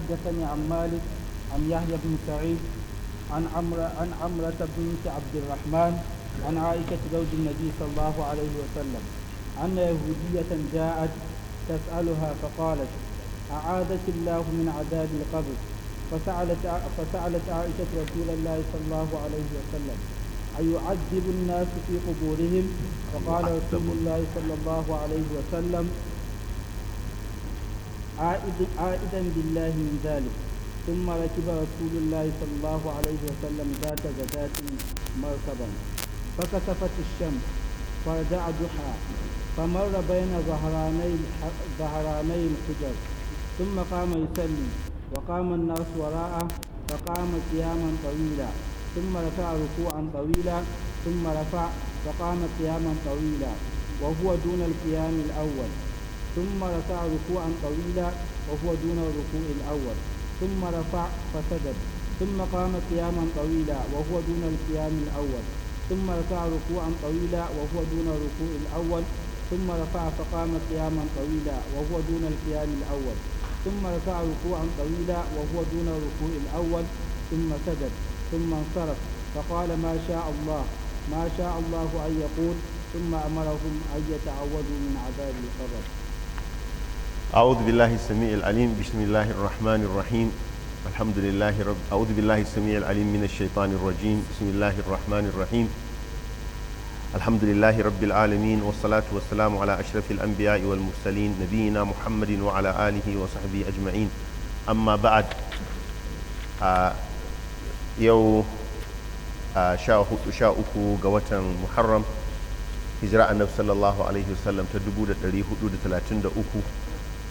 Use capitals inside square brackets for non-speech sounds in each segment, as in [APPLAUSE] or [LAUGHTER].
حدثني عن مالك عن يحيى بن سعيد عن عمرة عن عمرة بنت عبد الرحمن عن عائشة زوج النبي صلى الله عليه وسلم أن يهودية جاءت تسألها فقالت أعاذك الله من عذاب القبر فسألت فسألت عائشة رسول الله صلى الله عليه وسلم أيعذب الناس في قبورهم فقال رسول الله صلى الله عليه وسلم عائدا بالله من ذلك ثم ركب رسول الله صلى الله عليه وسلم ذات غداة مركبا فكسفت الشمس فرجع ضحى فمر بين ظهراني ظهراني الحجر ثم قام يسلم وقام الناس وراءه فقام قياما طويلا ثم رفع ركوعا طويلا ثم رفع فقام قياما طويلا وهو دون القيام الأول ثم رفع ركوعا طويلا وهو دون الركوع الأول ثم رفع فسجد ثم قام قياما طويلا وهو دون القيام الأول ثم رفع ركوعا طويلا وهو دون الركوع الأول ثم رفع فقام قياما طويلا وهو دون القيام الأول ثم رفع ركوعا طويلا وهو دون الركوع الأول ثم سجد ثم انصرف فقال ما شاء الله ما شاء الله أن يقول ثم أمرهم أن يتعوذوا من عذاب القبر أعوذ بالله السميع العليم بسم الله الرحمن الرحيم الحمد لله رب أعوذ بالله السميع العليم من الشيطان الرجيم بسم الله الرحمن الرحيم الحمد لله رب العالمين والصلاة والسلام على أشرف الأنبياء والمرسلين نبينا محمد وعلى آله وصحبه أجمعين أما بعد آه يو آه شاء قوة محرم هجرة النبي صلى الله عليه وسلم تدبود الريح 33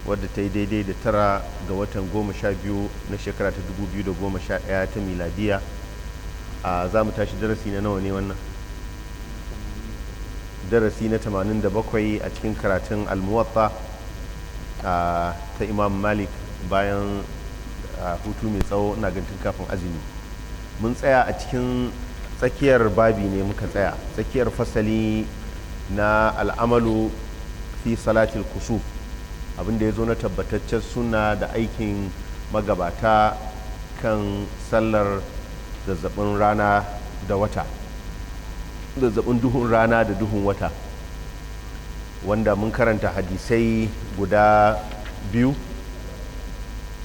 wadda ta yi daidai da tara ga watan goma sha biyu na shekara ta dubu biyu da goma sha ɗaya ta miladiya a za mu tashi darasi na nawa ne wannan darasi na tamanin da bakwai a cikin karatun almuwatta ta imam malik bayan hutu mai tsawo na gantin kafin azumi mun tsaya a cikin tsakiyar babi ne muka tsaya tsakiyar fasali na al'amalu fi salatil kusuf abin da ya zo na tabbataccen suna da aikin magabata kan sallar zazzabin rana da wata zazzabin duhun rana da duhun wata wanda mun karanta hadisai guda biyu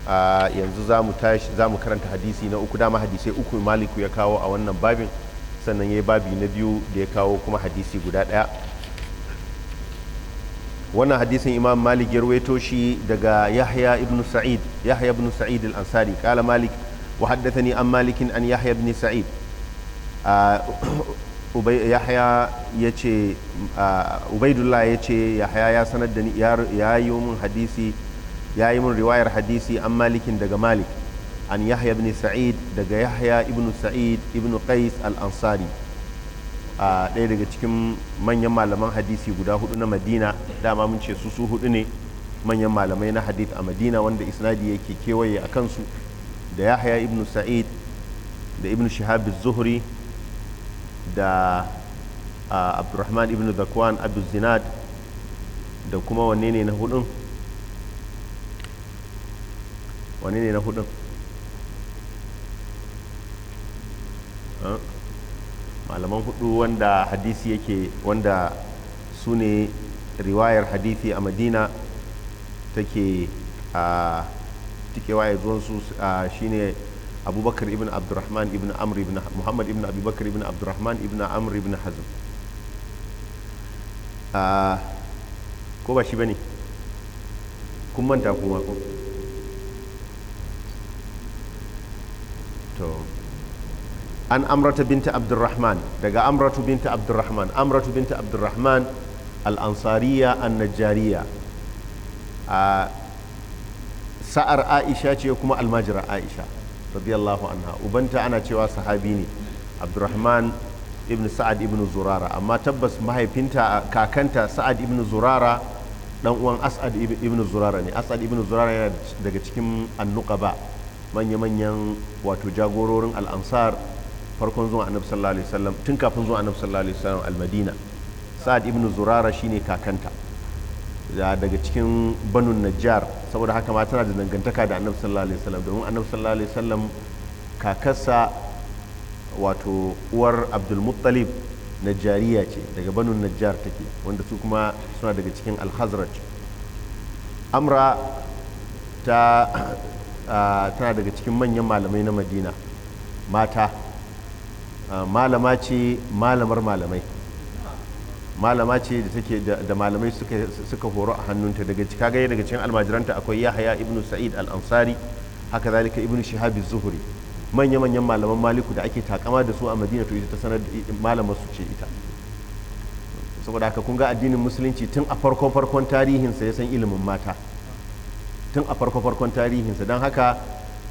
a yanzu za mu karanta hadisi na uku dama hadisai uku maliku ya kawo a wannan babin sannan ya yi babi na biyu da ya kawo kuma hadisi guda ɗaya wannan hadisin imam malik ya ruwaito shi daga yahya ibn sa'id yahya ibn sa'id al-ansari kala malik wa haddathani an malikin an yahya ibn sa'id ah, [COUGHS] yahya ya ce ah, ubaidullah ya ce yahya ya sanar da ni ya yi mun hadisi ya yi mun riwayar hadisi an malikin daga malik an yahya ibn sa'id daga yahya ibn sa'id ibn qais al-ansari a ɗaya daga cikin manyan malaman hadisi guda hudu na madina dama mun ce su su hudu ne manyan malamai na hadith a madina wanda isnadi yake kewaye a kansu da yahya ibn sa'id da ibn shihab zuhri da abdurrahman ibn zakwan abu zinad da kuma wanne ne na hudun wanne ne na hudun malaman hudu wanda hadisi yake wanda su ne riwayar hadisi a madina take a tikewaye shi shine abubakar ibn abdurrahman ibn amr ibn muhammad ibn abubakar ibn abdurrahman ibn amr ibn hazm ko ba shi ba ne kun manta kuma ko to an amrata binta abdurrahman daga amratu binta abdurrahman amratu binta abdurrahman al'ansariya annajariya a sa'ar aisha ce kuma almajira aisha radiyallahu anha ubanta ana cewa sahabi ne abdurrahman ibn sa'ad ibn zurara amma tabbas mahaifinta kakanta sa'ad ibn zurara dan uwan as'ad ibn zurara ne as'ad ibn zurara yana daga cikin ba manya-manyan wato jagororin al'ansar farkon zuwa annabi sallallahu alaihi wasallam tun kafin zuwa annabi sallallahu alaihi wasallam almadina sa'ad ibn zurara shine kakanta daga cikin Banu najjar saboda haka ma tana da dangantaka da annabi sallallahu alaihi wasallam domin annabi sallallahu alaihi wasallam kakarsa wato uwar abdul muttalib najjariya ce daga Banu najjar take wanda su kuma suna daga cikin alhazraj amra ta ah, tana daga cikin manyan malamai na madina mata Ah, malama ce malamar malamai malama ce da take da malamai suka horo a hannunta daga kaga daga cikin almajiranta akwai yahaya ibnu sa'id al-ansari haka zalika ibnu shihab zuhri manya manyan malaman maliku da ake takama da su a madinatu ita ta sanar malamar su ce ita saboda haka kun ga addinin musulunci tun a farko farkon tarihinsa ya san ilimin mata tun a farko farkon tarihinsa don haka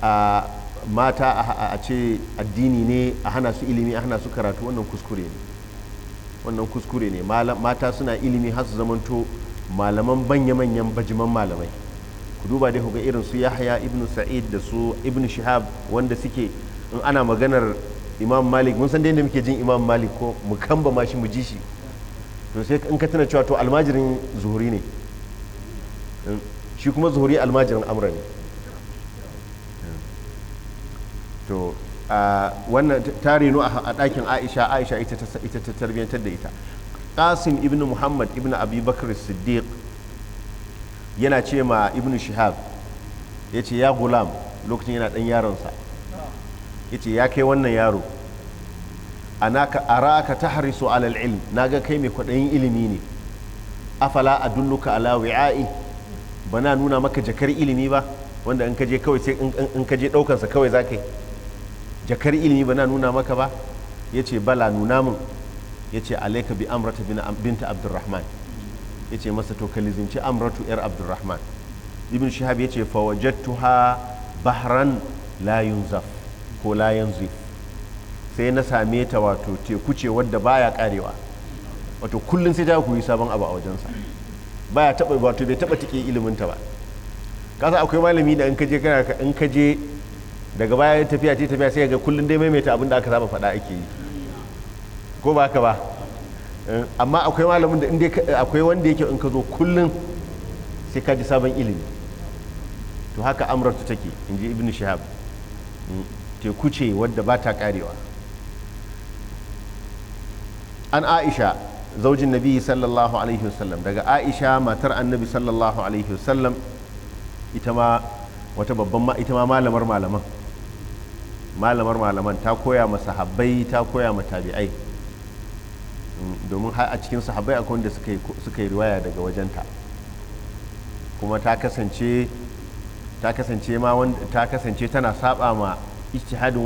a ah, mata a ce addini ne a hana su ilimi a hana su karatu wannan kuskure ne wannan kuskure ne mata suna ilimi har su zamanto malaman banya-manyan bajiman malamai ku duba dai ga irin su yahya ibn sa'id da su ibn shihab wanda suke in ana maganar imam malik mun san da muke jin imam malik ko mu kamba ma shi mu ji shi to sai in ka tana cewa to almajirin zuhuri ne shi kuma zuhuri almajirin amra ne to wannan ta reno a ɗakin aisha aisha ita ta tarbiyyantar da ita qasim ibn muhammad ibn abubakar siddiq yana ce ma ibn shihab ya ce ya gulam lokacin yana ɗan yaronsa ya ce ya kai wannan yaro a anaka araka tahrisu alal ilm ga kai mai kwaɗayin ilimi ne afala dulluka ala wi'a'i bana nuna maka jakar ilimi ba wanda in ka je kawai sai ɗaukansa kawai za ka jakar ilimi ba na nuna maka ba ya ce bala nuna min ya ce alaika bi amrata binta abdurrahman ya ce masa to kalizinci amratu yar abdurrahman ibn shihab ya ce fawajattuha bahran layun zaf ko la yanzif sai na same ta wato teku ce wadda baya karewa wato kullum sai ta koyi sabon abu a wajensa baya taba wato bai taba take ilimin ta ba kasa akwai malami da in je kana in kaje daga baya tafiya ce tafiya sai ga kullum dai maimaita abin da aka saba faɗa ake yi ko ba ka ba eh, amma akwai malamin da inda akwai wanda yake in ka zo kullum sai ka ji sabon ilimi to haka ta take in ji ibn shihab hmm, teku ce wadda ba ta karewa an aisha zaujin nabi sallallahu alaihi wasallam daga aisha matar annabi sallallahu alaihi wasallam ita ma wata babban ita ma malamar malaman malamar malaman ta koya ma sahabbai ta koya ma tabi'ai mm, domin har a cikin sahabbai akwai wanda suka yi riwaya daga wajenta kuma ta kasance ta kasance ma ta kasance tana saba ma ijtihadin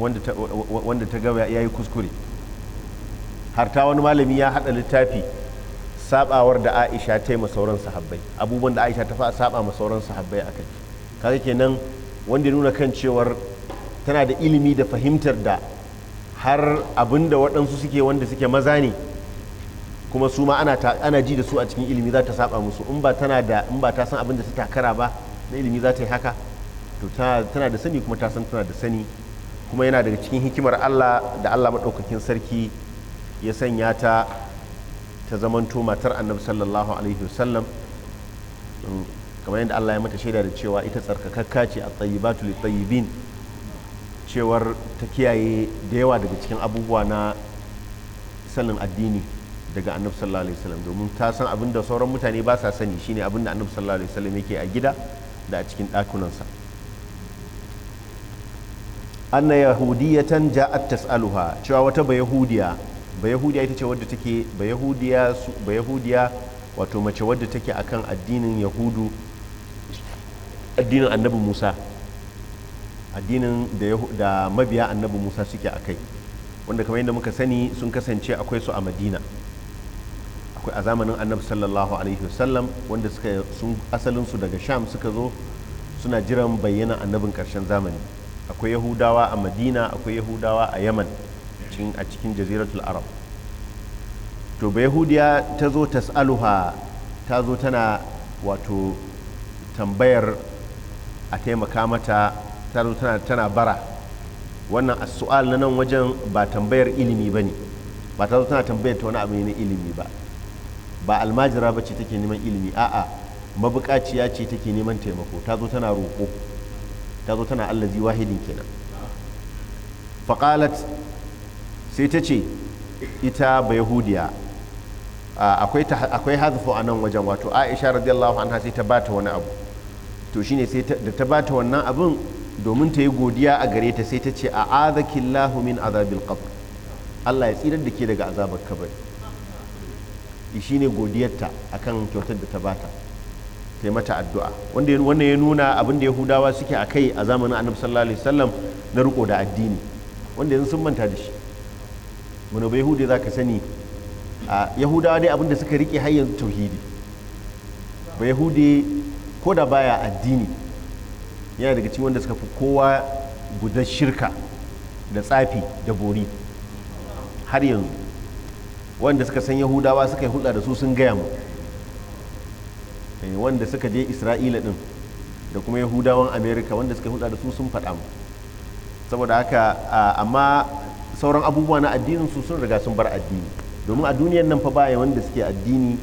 wanda ta gaba ya yi kuskure har ta wani malami ya hada littafi sabawar da Aisha ta yi ma sauran sahabbai abubuwan da Aisha ta fa saba ma sauran sahabbai akai kaga kenan wanda nuna kan cewar tana da ilimi da fahimtar da har abinda waɗansu suke wanda suke maza ne kuma su ma ana, ji da su a cikin ilimi za ta saba musu in ba tana da in ba ta san abin da ta takara ba na ilimi za ta yi haka to tana da sani kuma ta san tana da sani kuma yana daga cikin hikimar Allah da Allah maɗaukakin sarki ya sanya ta ta zamanto matar annabi sallallahu alaihi wasallam kamar yadda Allah ya mata shaida da cewa ita tsarkakakka ce a tsayibatu li tsayibin cewar ta kiyaye da yawa daga cikin abubuwa na sanin addini daga annabi sallallahu alaihi wasallam domin ta san abin da sauran mutane ba sa sani shine abin da annabi sallallahu alaihi wasallam yake a gida da a cikin ɗakunansa anna yahudiyatan ja'at tas'aluha cewa wata bayahudiya bayahudiya ita ce wadda take bayahudiya bayahudiya wato mace wadda take akan addinin yahudu addinin annabi Musa addinin da mabiya annabi musa suke a kai wanda kamar yadda muka sani sun kasance akwai su a madina akwai a zamanin annabi sallallahu alaihi wasallam wanda suka sun asalin su daga sham suka zo suna jiran bayyana annabin karshen zamani akwai yahudawa a madina akwai yahudawa a yaman a cikin jaziratul arab to ba yahudiya ta zo tas'aluha ta zo tana wato tambayar a taimaka mata ta zo tana bara wannan su'al na nan wajen ba tambayar ilimi ba ne ba ta zo tana tambayar ta wani abu ne na ilimi ba ba almajira ba ce take neman ilimi a'a mabukaciya ce take neman taimako ta zo tana roƙo ta zo tana allazi wahidin kenan faƙalat sai ta ce ita ba yahudiya akwai hazfu a nan wajen wato aisha radiyallahu anha sai ta bata wani abu to shine sai da ta bata wannan abin domin ta yi godiya a gare ta sai ta ce a azakin lahumin azabin qabr Allah ya tsirar da ke daga azabar kabari shi ne godiyarta akan kyautar da ta bata ta yi mata addu'a wanda ya nuna abin da yahudawa suke a kai a zamanin annabi sallallahu alaihi wasallam na riko da addini wanda yanzu sun manta da shi muna bai yahudi ka sani a yahudawa dai abin da suka rike har yanzu tauhidi ba yahudi ko da baya addini yana daga cikin wanda suka fi kowa guda shirka da tsafi da bori har yanzu wanda suka san yahudawa suka yi hulɗa da su sun gaya mu eh, wanda suka je isra'ila din da kuma yahudawan amerika wanda suka yi hulɗa da su sun faɗa mu saboda haka amma sauran abubuwa na addinin su sun riga sun bar addini domin a duniyan nan fa baya wanda suke addini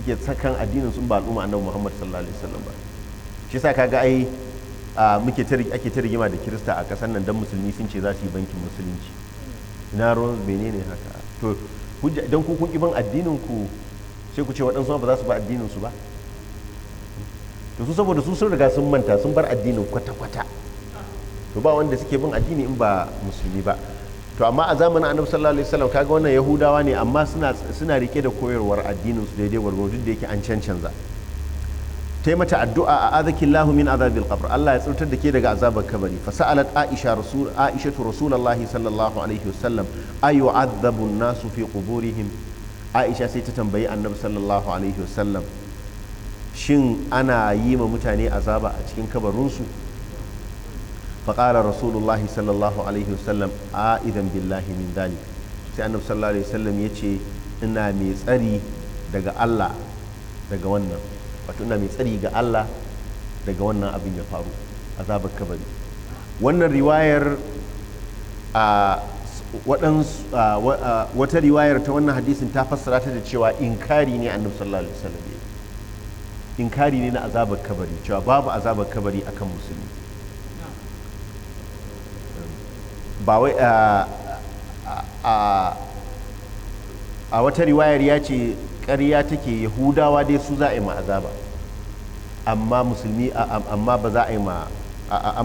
suke sakan addinin sun ba al'umma annabi muhammad sallallahu alaihi wasallam ba shi sa kaga ai muke ake ta rigima da kirista a ƙasar nan don musulmi sun ce za su yi bankin musulunci na ruwan menene haka to don ku kun ban addinin ku sai ku ce waɗansu ba za su ba addinin su ba to su saboda su sun riga sun manta sun bar addinin kwata-kwata to ba wanda suke bin addini in ba musulmi ba to amma a zamanin annabi sallallahu alaihi wasallam kaga wannan yahudawa ne amma suna suna rike da koyarwar addinin su daidai gwargwado duk da yake an cancanza Taimata addu'a a azakillahu min azabil qabr Allah ya tsirtar da ke daga azabar kabari fa sa'alat aisha rasul aisha rasulullahi sallallahu alaihi wasallam ayu azabu nasu fi quburihim aisha sai ta tambayi annabi sallallahu alaihi wasallam shin ana yi ma mutane azaba a cikin kabarinsu faƙalar rasulullahi sallallahu alaihi wasallam a idan billahi min dalik sai annabi sallallahu alaihi wasallam ya ce ina mai tsari daga allah daga wannan wato ina mai tsari ga Allah daga wannan abin ya faru azabar kabari wannan riwayar a wata riwayar ta wannan hadisin ta fassara ta da cewa inkari ne annabi sallallahu alaihi wasallam inkari ne na azabar kabari cewa babu azabar kabari akan musulmi ba wai a wata riwayar ya ce ƙarya take yahudawa dai su za a yi ma azaba amma musulmi amma ba za a yi ma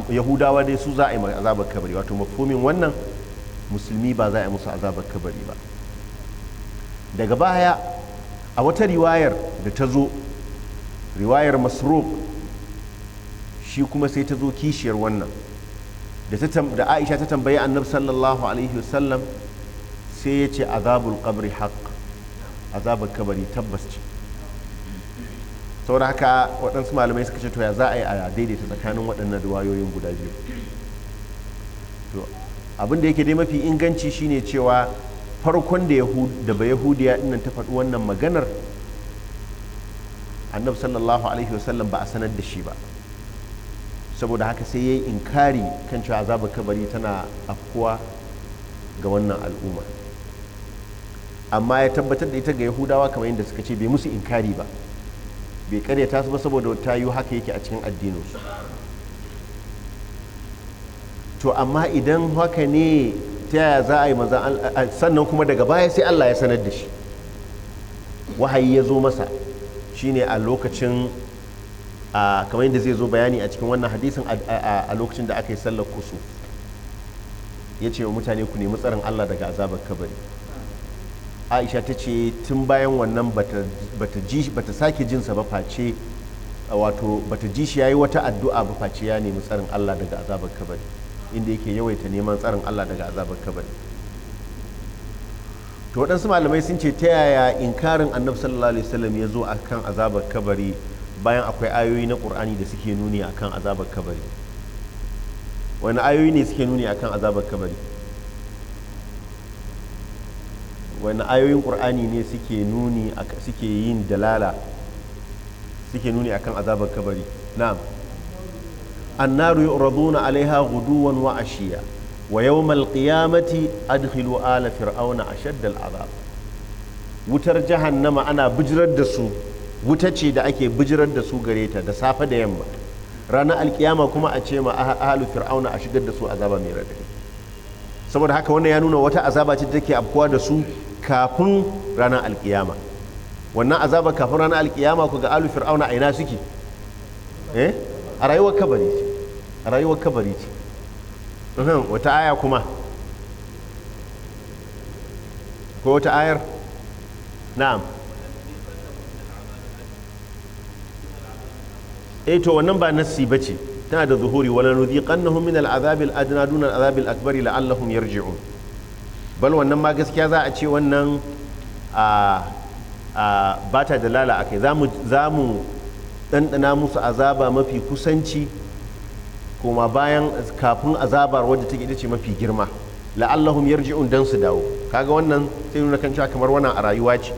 yahudawa dai su za a yi ma azabar kabari wato mafomin wannan musulmi ba za a yi musu azabar kabari ba daga baya a wata riwayar da ta zo riwayar masrub shi kuma sai ta zo kishiyar wannan da aisha ta tambayi annabi sallallahu alaihi wasallam sai ya ce azabul qabri haqq azabar kabari tabbas ce saboda haka waɗansu malamai suka ce to za a yi a daidaita tsakanin waɗannan duwayoyin guda biyu to abin da yake dai mafi inganci shine cewa farkon da da ba yahudiya dinnan ta faɗi wannan maganar annabi sallallahu alaihi wasallam ba a sanar da shi ba saboda haka sai ya yi inkari kan cewa azabar kabari tana afkuwa ga wannan al'umma amma ya tabbatar da ita ga yahudawa kamar yadda suka ce bai musu inkari ba bai karyata su ba saboda ta yi haka yake a cikin addininsu to amma idan haka ne ta yaya za a yi maza sannan kuma daga baya sai Allah ya sanar da shi wahayi ya zo masa shine a lokacin kamar yadda zai zo bayani a cikin wannan hadisin a lokacin da aka yi sallar kusu ya ce wa mutane ku nemi tsarin Allah daga azabar kabari aisha ta ce tun bayan wannan bata sake jinsa ba face wato bata ji shi yayi wata addu'a ba face ya nemi tsarin Allah daga azabar kabari inda yake yawaita neman tsarin Allah daga azabar kabari to waɗansu malamai sun ce ta yaya inkarin annabi sallallahu alaihi wasallam ya zo akan azabar kabari bayan akwai ayoyi na qur'ani da suke nuni akan azabar kabari wani ayoyi ne suke nuni akan azabar kabari wani ayoyin ƙur'ani ne suke nuni suke yin dalala suke nuni akan azabar kabari na'am annaru yu'raduna alaiha guduwan wa ashiya wa yawmal qiyamati adkhilu ala fir'auna ashaddal azab wutar jahannama ana bijirar da su wuta ce da ake bijirar da su gare ta da safe da yamma ranar alkiyama kuma a ce ma ahalu fir'auna a shigar da su azaba mai radadi saboda haka wannan ya nuna wata azaba ce take afkuwa da su kafin ranar alkiyama wannan azaba kafin ranar alkiyama ku ga alu fir'auna aina suke eh a rayuwar kabari ce a rayuwar kabari ce wata aya kuma ko wata ayar na'am eh to wannan ba nassi ce tana da zuhuri wala nudhiqannahum min al'azabil adna duna al'azabil akbari la'allahum yarji'un bal wannan ma gaskiya za a ce wannan ba ta dalala a kai za mu ɗanɗana musu azaba mafi kusanci kuma bayan kafin azabar wadda take ita ce mafi girma la'allahum yarji don su dawo kaga wannan sai nuna kan cewa kamar wannan a rayuwa ce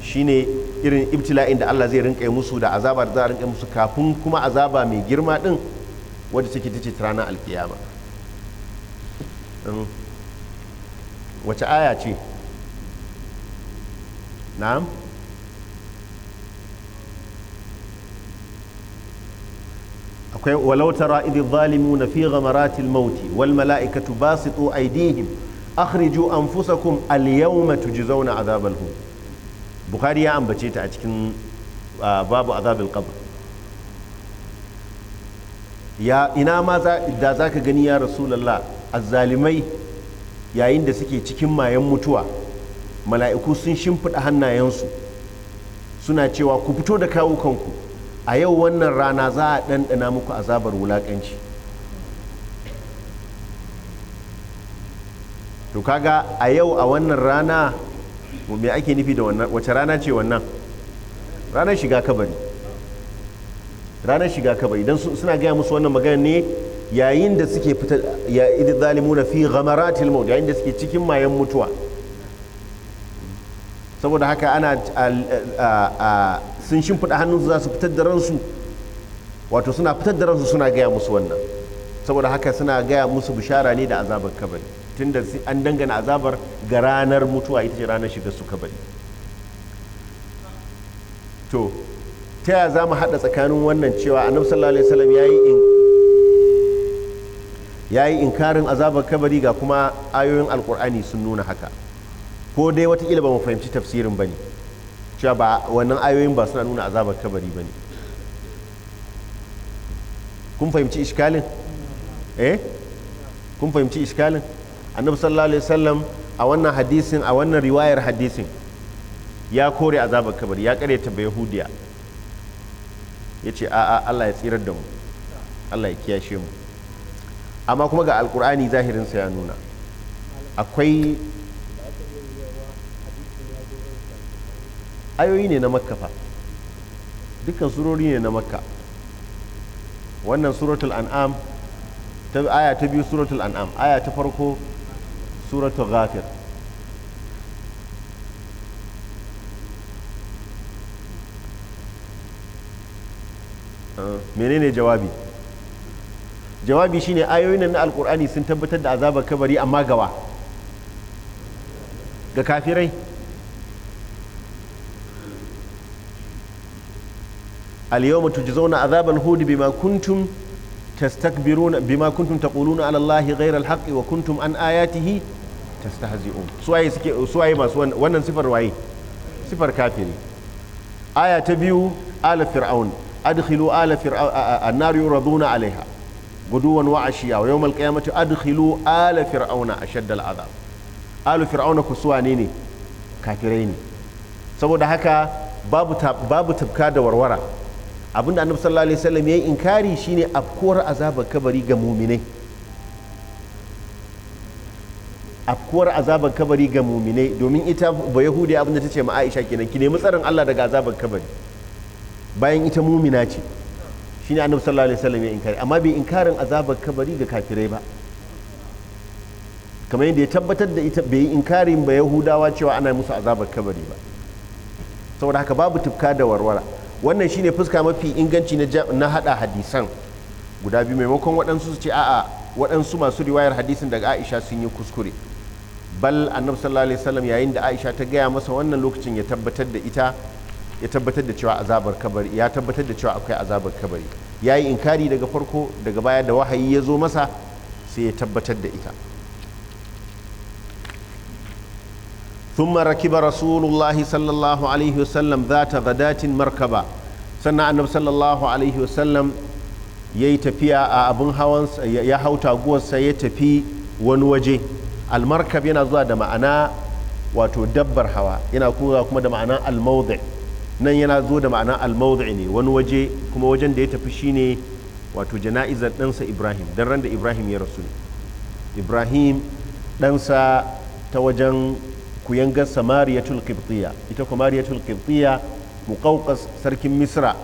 shine irin ibtila'in da Allah zai rinka musu da azaba da za a rinka musu kafin kuma azaba mai girma din wadda take ce ta ranar alkiyama um, wace aya ce na'am akwai walau tara idil zalimuna fi ghamaratil mauti wal mala'ikatu basitu aydihim akhriju anfusakum al yawma tujzauna azabal hu bukhari ya ambace ta a cikin babu azabil qabr ya ina ma da zaka gani ya rasulullah azzalimai yayin da suke cikin mayan mutuwa mala'iku sun shimfiɗa hannayensu suna cewa ku fito da kawo kanku a yau wannan rana za a ɗanɗana muku azabar wulaƙanci to kaga a yau a wannan rana me ake nufi da wannan wace rana ce wannan ranar shiga kabari ranar shiga kabari idan suna gaya musu wannan magana ne yayin da suke fita ya idi na fi ghamaratil maut yayin da suke cikin mayan mutuwa saboda haka ana sun shimfiɗa hannunsu za su fitar da ransu wato suna fitar da ransu suna gaya musu wannan saboda haka suna gaya musu bishara ne da azabar kabari tunda an dangana azabar ga ranar mutuwa ita ce ranar shiga su kabari to ta yaya za mu haɗa tsakanin wannan cewa annabi sallallahu alaihi wasallam ya yi ya yi inkarin azabar kabari ga kuma ayoyin alkur'ani sun nuna haka ko dai watakila ba mu fahimci tafsirin ba ne cewa ba wannan ayoyin ba suna nuna azabar kabari ba ne kun fahimci ishkalin eh kun fahimci ishkalin annabi sallallahu alaihi wasallam a wannan hadisin a wannan riwayar hadisin ya kore azabar kabari ya karyata ba yahudiya ya ce a'a Allah ya tsirar da mu Allah ya kiyashe mu amma kuma ga alkur'ani zahirinsa ya nuna akwai ayoyi ne na makka fa dukkan surori ne na makka wannan suratul an'am ta aya ta biyu suratul an'am aya ta farko suratul ghafir ah, menene jawabi jawabi shine ayoyin na alkur'ani sun tabbatar da azabar kabari amma gawa ga kafirai al-yawma tujzauna azabal hud bima kuntum tastakbiruna bima kuntum taquluna ala wa kuntum an ayatihi tastahzi'un suwaye suke suwaye masu wannan sifar waye aya ta biyu ala fir'aun adkhilu ala fir'aun alaiha guduwan wa ashiya wa yawmal qiyamati adkhilu ala fir'auna ashadda al'azab alu fir'auna ku suwa ne ne kafirai ne saboda haka babu babu tafka da warwara abinda annabi sallallahu alaihi wasallam yayi inkari shine afkuwar azabar kabari ga mu'minai afkuwar azabar kabari ga mu'minai domin ita ba yahudi abinda tace ma Aisha kenan ki nemi tsarin Allah daga azabar kabari bayan ita mumina ce ne annabi sallallahu alaihi wasallam ya inkari amma bai inkarin azabar kabari ga kafirai ba kamar yadda ya tabbatar da ita bai inkarin ba yahudawa cewa ana musu azabar kabari ba saboda haka babu tufka da warwara wannan shine fuska mafi inganci na hada hadisan guda biyu maimakon waɗansu su ce a'a waɗansu masu riwayar hadisin daga aisha sun yi kuskure bal annabi sallallahu alaihi wasallam yayin da aisha ta gaya masa wannan lokacin ya tabbatar da ita ya tabbatar da cewa azabar kabari ya tabbatar da cewa akwai azabar kabari ya yi inkari daga farko daga baya da wahayi ya zo masa sai ya tabbatar da ita ثم ركب رسول الله صلى الله عليه وسلم ذات غداة مركبة سنة النبي صلى الله عليه وسلم yayi أبن هونس يهو hawan سيتفي ونوجه المركب ya دمعنا وتدبر هوا almarkab yana zuwa da nan yana zo da ma'ana almawdi ne wani waje kuma wajen da ya tafi shine wato jana'izar ɗansa ibrahim don ran da ibrahim ya rasu ibrahim ɗansa ta wajen kuyangar samariyatul qibtiyya ita kumariyatul qibtiyya muqawqas sarkin misra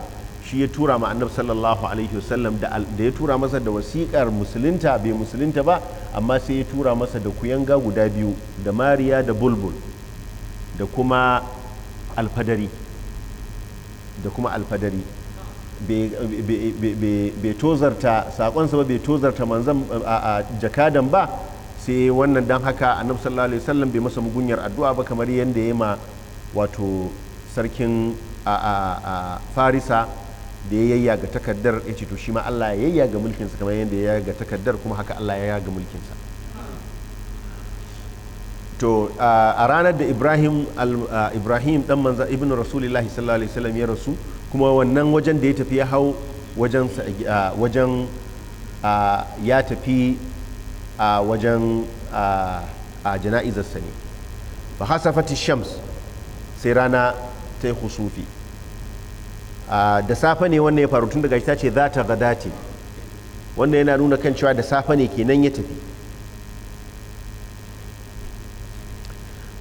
shi ya tura ma annabi sallallahu alaihi wasallam da ya tura masa da wasiƙar musulunta bai musulunta ba amma sai ya tura masa da kuyanga guda biyu da mariya da bulbul da kuma alfadari da kuma alfadari bai tozarta saƙonsa ba bai tozarta manzan a jakadan ba sai wannan don haka annabi sallallahu alaihi wasallam bai masa mugunyar addu'a ba kamar yadda ya ma wato sarkin a farisa da ya yayya ga takardar ya ce to shi ma Allah ya yayya ga mulkinsa kamar yadda ya yayya ga takardar kuma haka Allah ya yayya ga mulkinsa to a ranar da ibrahim ibrahim dan manza ibn rasulullahi sallallahu alaihi wasallam ya rasu kuma wannan wajen da ya tafi ya hau wajen wajen ya tafi a wajen a sa ne fa hasafati shams sai rana ta yi husufi da safe ne wannan ya faru tun daga ta ce za ta gadati wannan yana nuna kan cewa da safe ne kenan ya tafi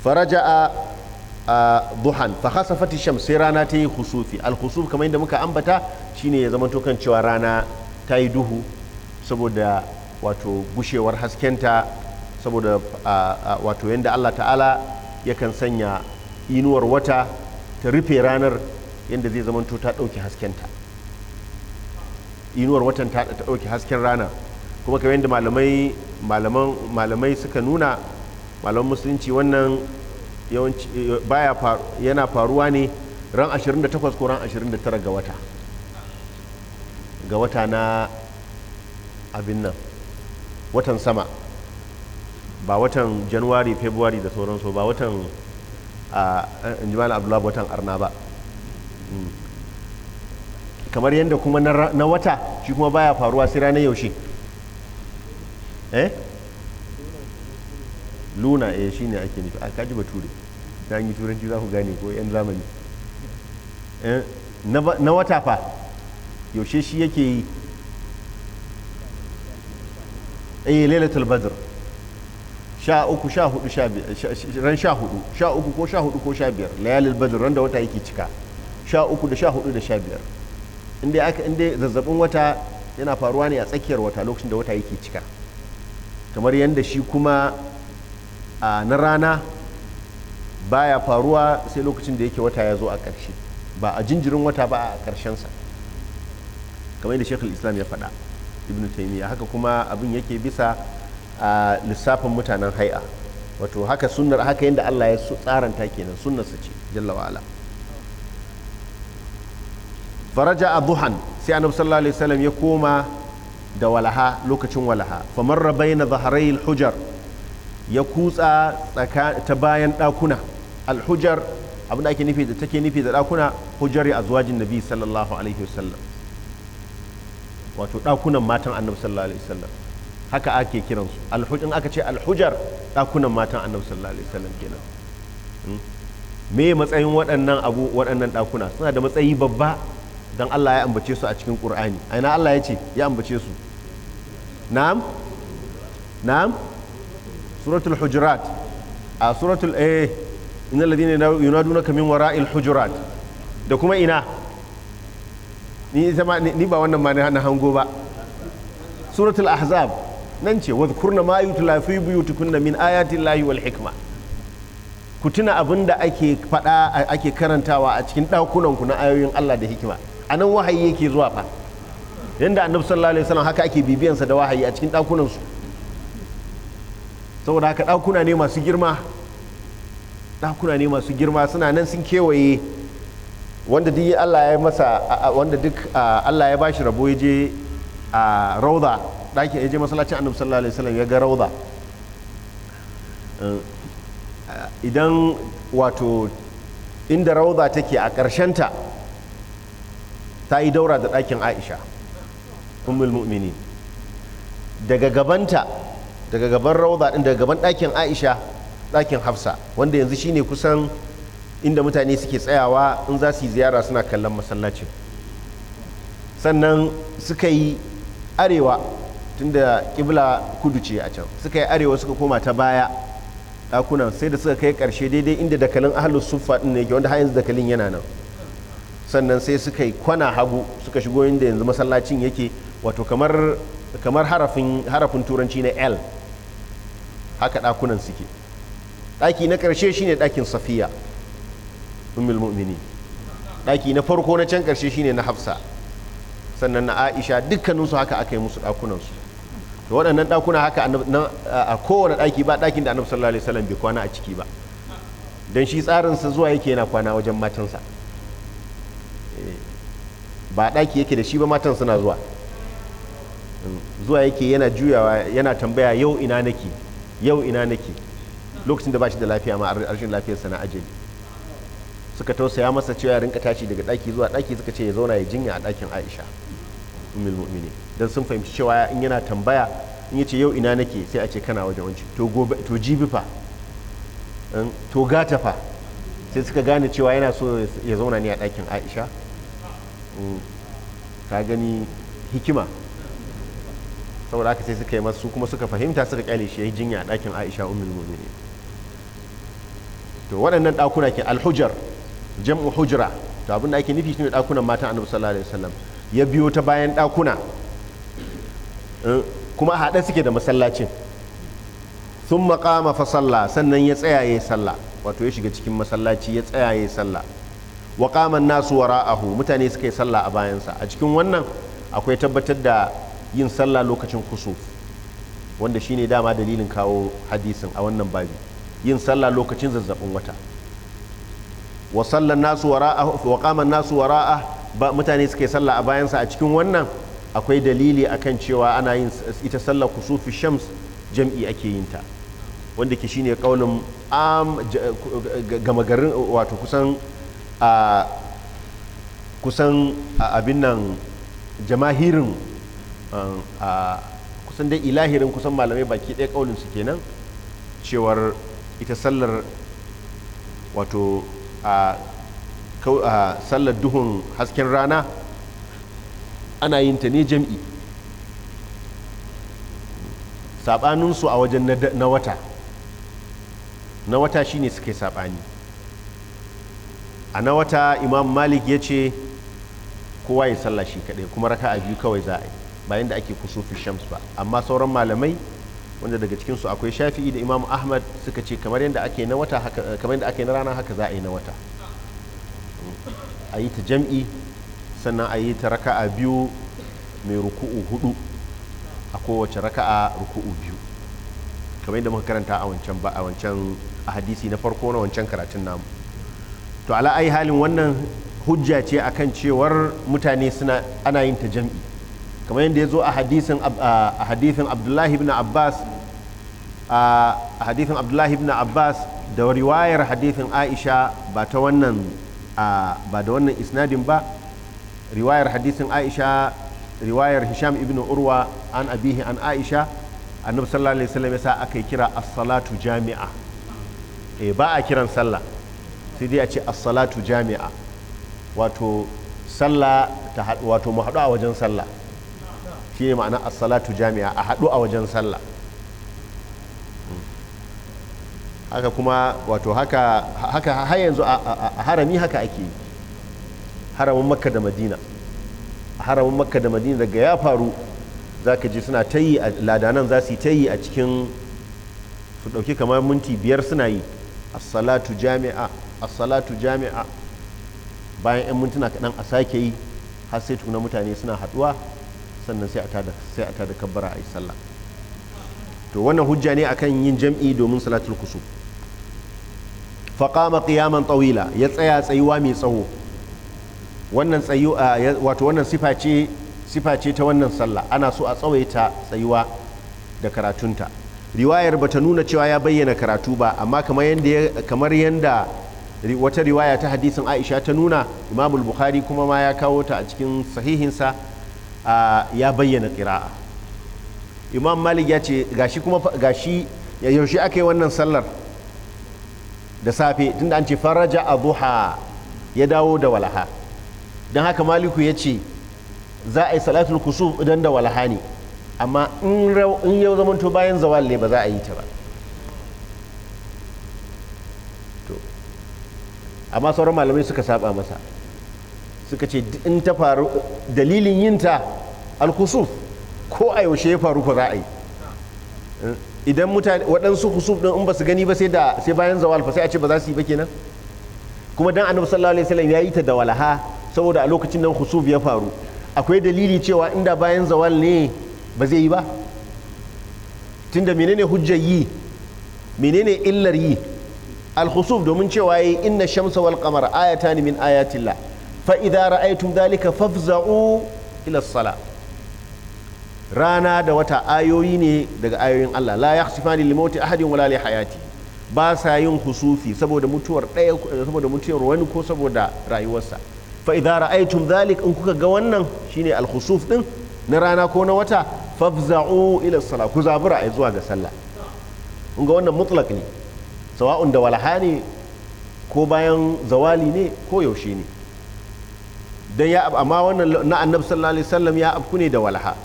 faraja a duhan fa khasafati sham sai rana ta yi khusufi al khusuf kamar yadda muka ambata shine ya zama kan cewa rana ta yi duhu saboda wato gushewar haskenta saboda wato yadda Allah ta'ala yakan sanya inuwar wata ta rufe ranar yadda zai zamanto ta ɗauki haskenta inuwar watan ta ɗauki hasken rana kuma kamar yadda malamai suka nuna malon musulunci wannan yawanci baya yana faruwa ne ran 28 ko ran 29 ga wata ga wata na abin nan watan sama ba watan januwari february da sauransu ba watan a injimal abdullahi watan arna ba hmm. kamar yadda kuma na wata shi kuma baya faruwa sai ranar yaushe eh luna eh ne ake nufi a ah, kaji bature ta yi turanci za ku gane ko yan zamani eh, na wata fa yaushe shi yake yi eh lailatul badr sha uku sha hudu sha biyar ran sha hudu sha uku ko sha hudu ko sha biyar layalil badr ran da wata yake cika sha uku da sha hudu da sha biyar inda aka inda zazzabin wata yana faruwa ne a tsakiyar wata lokacin da wata yake cika kamar yadda shi kuma na rana baya faruwa sai lokacin da yake wata ya zo a ƙarshe ba a jinjirin wata ba a ƙarshensa kamar yadda shekul islam ya faɗa ibn taimiyya haka kuma abin yake bisa a lissafin mutanen hai'a wato haka sunnar haka yadda allah ya tsaranta kenan sunnarsa ce jalla wa'ala faraja a duhan sai annabi sallallahu alaihi wasallam ya koma da walaha lokacin walaha famarra bayna na hujar ya kutsa ta bayan ɗakuna alhujar abin da ake nufi da take nufi da ɗakuna hujjar zuwajin nabi sallallahu alaihi wasallam wato ɗakunan matan annabi sallallahu alaihi wasallam haka ake kiransu alhujin aka ce alhujar ɗakunan matan annabi sallallahu alaihi wasallam kenan hmm? me matsayin waɗannan abu waɗannan ɗakuna suna da matsayi babba don Allah ya ambace su a cikin Qur'ani aina Allah ya ce ya ambace su na'am na'am suratul hujurat a suratul eh innal ladina kamin min wara'il hujurat da kuma ina ni ni ba wannan ma na hango ba suratul ahzab nan ce wadhkurna ma yutla fi buyutikunna min ayati llahi wal hikma ku tuna abin da ake fada ake karantawa a cikin ɗakunanku na ayoyin Allah da hikima a nan wahayi yake zuwa fa yanda annabi sallallahu alaihi wasallam haka ake bibiyansa da wahayi a cikin ɗakunansu saboda haka ɗakuna ne masu girma ɗakuna ne masu girma suna nan sun kewaye wanda duk Allah ya masa wanda duk Allah ya bashi rabo ya je a rauda ɗakin ya je masallacin annabi sallallahu alaihi wasallam ya ga rauda eh, idan wato inda rauda take a ta ta yi daura da ɗakin aisha ummul mu'mini daga gabanta daga gaban rauda din daga gaban ɗakin aisha ɗakin hafsa wanda yanzu shine kusan inda mutane suke tsayawa in za su yi ziyara suna kallon masallacin sannan suka yi arewa tunda kibla kudu ce a can suka yi arewa suka koma ta baya ɗakunan sai da suka kai karshe daidai inda dakalin ahalus suffa ɗin ne wanda har yanzu dakalin yana nan sannan sai suka yi kwana hagu suka shigo inda yanzu masallacin yake wato kamar harafin turanci na l haka ɗakunan suke ɗaki na ƙarshe shine ɗakin safiya ummul mu'mini ɗaki na farko na can ƙarshe shine na hafsa sannan na aisha dukkaninsu haka aka yi musu ɗakunansu da waɗannan ɗakuna haka a kowane ɗaki ba ɗakin da annabi sallallahu alaihi wasallam bai kwana a ciki ba don shi tsarinsa zuwa yake yana kwana wajen matansa eh, ba ɗaki yake da shi ba matan suna zuwa zuwa yake yana juyawa yana tambaya yau ina nake yau ina nake lokacin da ba shi da lafiya ma rashin lafiyarsa na ajiye suka tausaya masa cewa ya rinka tashi daga daki zuwa daki suka ce ya zauna ya jinya a dakin aisha umil mu'mini dan sun fahimci cewa in yana tambaya in yace yau ina nake sai a ce kana wajen wanci to gobe to jibi fa um, to gata fa sai suka gane cewa yana so ya zauna ne a dakin aisha um, ka gani hikima saboda aka ce suka yi masu kuma suka fahimta suka kyale shi ya yi jinya a ɗakin aisha ummul ne to waɗannan ɗakuna ke alhujar jam'u hujra to abin da ake nufi ne ɗakunan matan annabi sallallahu alaihi wasallam ya biyo ta bayan ɗakuna eh, kuma haɗe suke da masallacin sun maƙama fa sallah sannan ya tsaya ya yi sallah wato ya shiga cikin masallaci ya tsaya ya yi sallah wa nasu wara'ahu mutane suka yi sallah a bayansa a cikin wannan akwai tabbatar da yin sallah lokacin kusuf wanda shine dama dalilin kawo hadisin a wannan babi yin sallah lokacin zazzabin wata wa sallan nasu wara'a wa qaman nasu wara'a ba mutane suke sallah a bayansa a cikin wannan akwai dalili akan cewa ana yin ita sallah kusufi shams jam'i ake yin ta wanda ke shine kaulin am gama garin wato kusan a kusan abin nan jamahirin Um, a kusan dai ilahirin kusan malamai baki ɗaya ƙaunin kenan cewar ita sallar wato a sallar duhun hasken rana ana yin ta ne jam'i saɓaninsu a wajen na wata na wata ne suka yi saɓani a na wata imam malik ya ce kowa ya sallah shi kaɗai kuma raka a biyu kawai za a yi ba yadda ake kusufi shams ba amma sauran malamai wanda daga cikin su akwai shafi'i da imam ahmad suka ce kamar yadda ake na wata kamar yadda ake na rana haka za a yi na wata a yi ta jam'i sannan a yi ta raka'a biyu mai ruku'u hudu a kowace raka'a ruku'u biyu kamar yadda muka karanta a wancan ba a wancan hadisi na farko na wancan karatun namu to ala ai halin wannan hujja ce akan cewar mutane suna ana yin ta jam'i kamar yadda ya zo a hadisin abdullahi ibn abbas a hadisin abdullahi ibn abbas da riwayar hadisin aisha ba ta wannan ba da wannan isnadin ba riwayar hadisin aisha riwayar hisham ibn urwa an abihi an aisha annabi sallallahu alaihi wasallam yasa aka kira as-salatu jami'a eh ba a kiran sallah sai dai a ce as-salatu jami'a wato sallah ta wato mu haɗu a wajen sallah shine ma'ana asalatu jami'a a haɗu a wajen sallah haka kuma wato haka haka har yanzu a harami haka ake yi haramin makka da madina a haramin makka da madina daga ya faru za ka ji suna ta yi a ladanan za su yi ta yi a cikin su ɗauki kamar minti biyar suna yi a salatu jami'a a salatu jami'a bayan 'yan mintuna kaɗan a sake yi har sai tukuna mutane suna haɗuwa sannan sai a tada kabbara a yi sallah to wannan hujja ne akan yin jam'i domin salatul fa faƙama qiyaman tsawila ya tsaya tsayuwa mai tsawo wannan tsayu wato wannan sifa ce sifa ce ta wannan sallah ana so a tsawaita tsayuwa da karatunta riwayar bata nuna cewa ya bayyana karatu ba amma kamar yanda kamar yanda wata riwaya ta hadisin Aisha ta nuna Imam Bukhari kuma ma ya kawo ta a cikin sahihinsa ya bayyana ƙira'a imam malik ya ce gashi kuma gashi ya yaushe aka yi wannan sallar da safe tunda an ce faraja a ya dawo da walaha don haka maliku ya ce za a yi salatul kusuf idan da walaha ne amma in yau zamanto bayan zawal ne ba za a yi ta ba amma sauran malamai suka saba masa suka ce in ta faru dalilin yinta alkusuf ko a yaushe ya faru ko za a yi idan mutane waɗansu kusuf ɗin in ba su gani ba sai da sai bayan zawal fa sai a ce ba za su yi ba kenan kuma dan annabi sallallahu alaihi wasallam ya yi ta da walaha saboda a lokacin nan kusuf ya faru akwai dalili cewa inda bayan zawal ne ba zai yi ba tunda menene hujjar yi menene illar yi al domin cewa yayi inna shamsa wal ta ayatan min ayatillah fa'ida idza ra'aytum dhalika fafza'u ila sala rana da wata ayoyi ne daga ayoyin Allah la yakhsifani lil ahadin hayati ba sa yin husufi saboda mutuwar daya saboda mutuwar wani ko saboda rayuwarsa fa'ida idza ra'aytum in kuka ga wannan shine al khusuf din na rana ko na wata fafza'u ila sala ku zabura yi zuwa ga sallah kun ga wannan mutlaq ne sawa'un da walhani ko bayan zawali ne ko yaushe ne dan ya amma wannan na annabi sallallahu alaihi wasallam ya afku da walha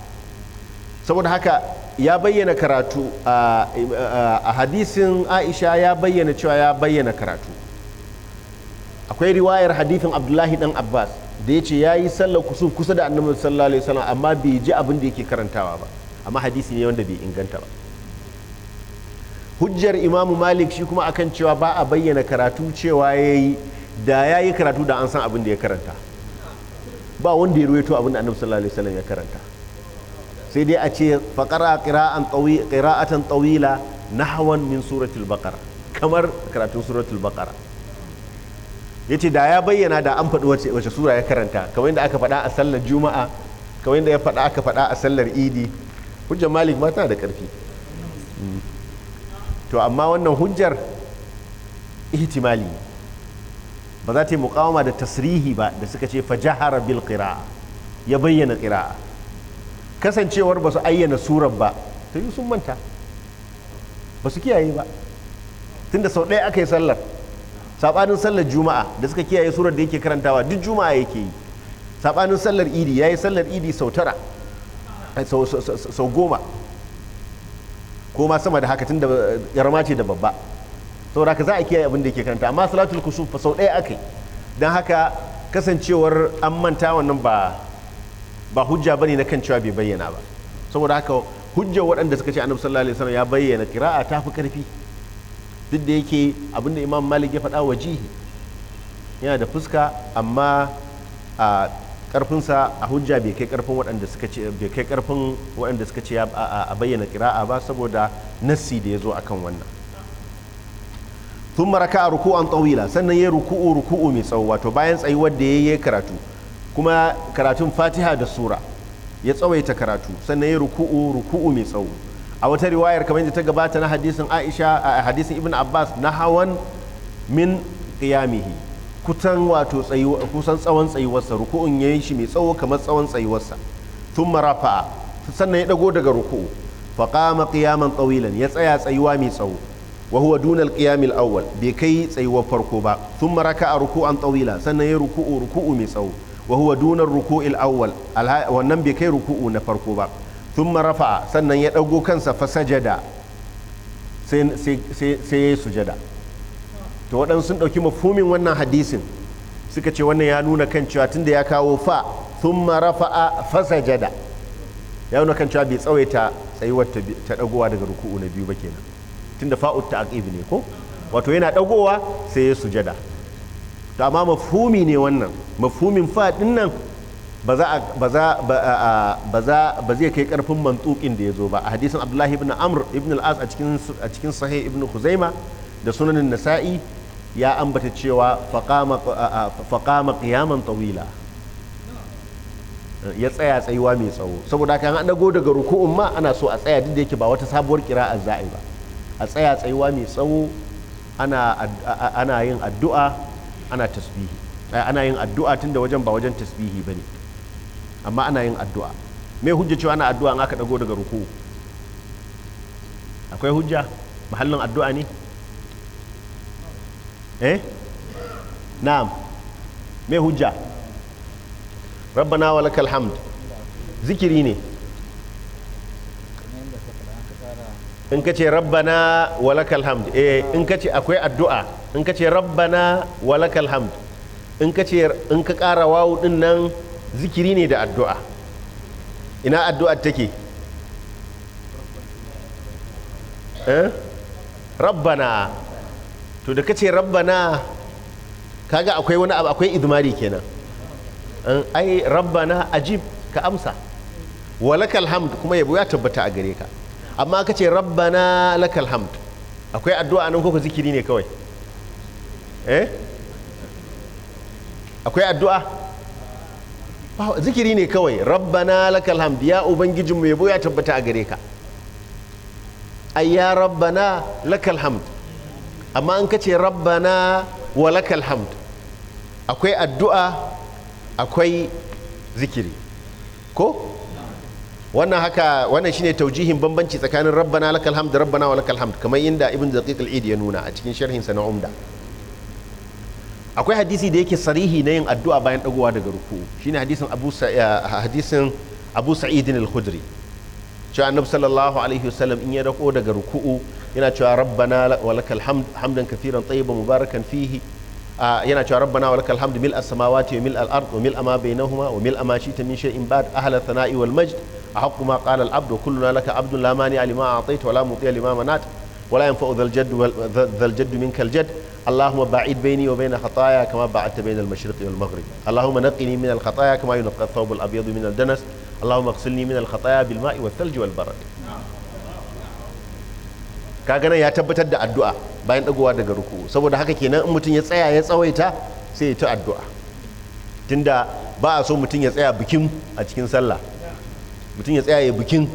saboda haka ya bayyana karatu a hadisin aisha ya bayyana cewa ya bayyana karatu akwai riwayar hadithin abdullahi dan abbas da ya ce ya yi sallar kusuf kusa da annabi sallallahu alaihi wasallam amma bai ji abin da yake karantawa ba amma hadisi ne wanda bai inganta ba hujjar imamu malik shi kuma akan cewa ba a bayyana karatu cewa ya yi da ya yi karatu da an san abin da ya karanta ba wanda ya ruwaito abin da annabi sallallahu alaihi wasallam ya karanta sai dai a ce faqara qira'an tawi qira'atan tawila nahwan min suratul baqara kamar karatun suratul baqara yace da ya bayyana da an faɗi wace wace sura ya karanta kamar yadda aka faɗa a sallar juma'a kamar yadda ya faɗa aka faɗa a sallar idi hujjar malik ma tana da ƙarfi mm. to amma wannan hujjar ihtimali ne ba za ta yi mukawama da tasrihi ba da suka ce fajahara bil kira ya bayyana qira'a kasancewar ba su ayyana surar ba ta yi sun manta ba su kiyaye ba tun da sau ɗaya aka yi sallar sabanin sallar juma'a da suka kiyaye surar da yake karantawa duk juma'a yake yi sabanin sallar idi ya yi sallar idi sau tara eh, sau goma ko ma sama da haka tun da yarma ce da babba saboda ka za a kiyaye abin da ke karanta amma salatul kusuf fa sau ɗaya aka yi don haka kasancewar an manta wannan ba ba hujja bane na kan cewa bai bayyana ba saboda haka hujjar waɗanda suka ce annabi sallallahu alaihi wasallam ya bayyana qira'a ta fi karfi duk da yake da imam malik ya faɗa jihi yana da fuska amma a karfinsa a hujja bai kai ƙarfin waɗanda suka ce bai kai ƙarfin waɗanda suka ce a bayyana qira'a ba saboda nassi da ya zo akan wannan thumma a ruku'an tsawila sannan yi ruku'u ruku'u mai tsawo wato bayan tsayuwar da ya yi karatu kuma karatun Fatiha da sura ya tsawaita karatu sannan yi ruku'u ruku'u mai tsawo a wata riwayar kamar da ta gabata na hadisin Aisha a hadisin Ibn Abbas na hawan min qiyamihi kutan wato kusan tsawon tsayuwarsa ruku'un yi shi mai tsawo kamar tsawon tsayuwarsa tun marafa sannan ya dago daga ruku'u faqama qiyaman tsawilan ya tsaya tsayuwa mai tsawo wa huwa kiyamil alqiyam alawwal bai kai tsayuwar farko ba thumma raka'a ruku'an tawila sannan ya ruku'u ruku'u mai tsawo wa huwa duna ruku'il awwal wannan bai kai ruku'u na farko ba thumma rafa'a sannan ya dago kansa fa sai sujada to ɗauki wannan hadisin suka ce wannan ya nuna kan cewa tunda ya kawo fa sun rafa'a fa sajada ya nuna kan cewa bai tsawaita tsayuwar ta daga ruku'u na biyu ba kenan tunda fa'u ta'qib ne ko wato yana dagowa sai ya sujada to amma mafhumi ne wannan mafhumin fa nan ba za ba za ba kai karfin mantukin da ya zo ba a hadisin Abdullahi ibn Amr ibn al-As a cikin sahih ibn Khuzaima da sunanin Nasa'i ya ambata cewa faqama faqama qiyaman tawila ya tsaya tsayuwa mai tsawo saboda yi an dago daga ruku'un ma ana so a tsaya duk da yake ba wata sabuwar kira'a za'i ba a tsaya tsayuwa mai tsawo ana yin addu'a ana tasbihi ana yin addu'a da wajen ba wajen tasbihi ba ne amma ana yin addu'a me hujja cewa ana addu'a aka ɗago daga ruku akwai hujja mahallin addu'a ne eh na'am me hujja rabbana walakal hamd zikiri ne in ka ce rabbana walakal hamd eh in ka ce akwai addu'a in ka ce rabbana walakal hamd in ka ce in ka ƙara wawu din nan zikiri ne da addu'a ina addu'a take eh rabbana to da ka ce rabbana kaga akwai wani abu akwai idmari kenan ai rabbana ajib ka amsa walakal hamd kuma yabo ya tabbata a gare ka amma aka ce rabbana lakal hamd akwai addu'a nan koko zikiri ne kawai eh akwai addu'a zikiri ne kawai rabbana lakal hamd ya ubangijin mu yabo ya tabbata a gare ka ay ya rabbana lakal hamd amma an kace rabbana wa lakal hamd akwai addu'a akwai zikiri ko wannan haka wannan shine taujihin bambanci tsakanin rabbana lakal hamd rabbana wa lakal hamd kamar inda ibn daqiq al-id ya nuna a cikin sharhin sa na umda akwai hadisi da yake sarihi na yin addu'a bayan dagowa daga ruku shine hadisin abu hadisin abu sa'id al-khudri cewa annabi sallallahu alaihi wasallam in ya dako daga ruku'u yana cewa rabbana wa lakal hamd hamdan kathiran tayyiban mubarakan fihi yana cewa rabbana wa lakal hamd mil as-samawati wa mil al-ard wa mil ma bainahuma wa mil ma shi'ta min shay'in ba'd ahla thana'i wal majd أحق ما قال العبد كلنا لك عبد لا مانع لما أعطيت ولا مطيع لما منعت ولا ينفع ذا الجد ذا الجد منك الجد اللهم بعيد بيني وبين خطايا كما بعدت بين المشرق والمغرب اللهم نقني من الخطايا كما ينقى الثوب الأبيض من الدنس اللهم اغسلني من الخطايا بالماء والثلج والبرد kagana ya tabbatar da addu'a bayan dagowa daga ruku saboda haka kenan in mutum ya tsaya ya tsawaita sai ya ta addu'a tunda ba a so mutum ya tsaya bikin a cikin sallah mutum ya tsaya ya bikin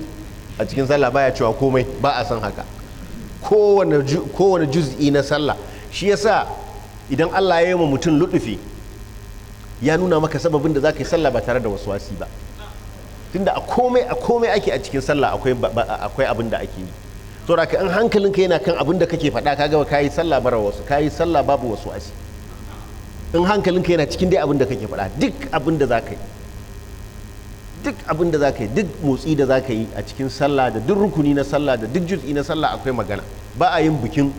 a cikin sallah baya cewa komai ba a san haka kowane juz'i na sallah shi yasa idan Allah ya yi wa mutum lutufi ya nuna maka sababin da za ka yi sallah ba tare da wasu wasi ba tunda a komai a komai ake a cikin sallah akwai abin da ake yi saboda ka in hankalinka yana kan abin da kake faɗa ka gaba kayi sallah bara wasu ka yi sallah babu wasu wasi in hankalinka yana cikin dai abin da kake faɗa duk abin da za ka yi duk abin da za yi duk motsi da zaka yi a cikin sallah da duk rukuni na sallah da duk juz'i na sallah akwai magana ba a yin bikin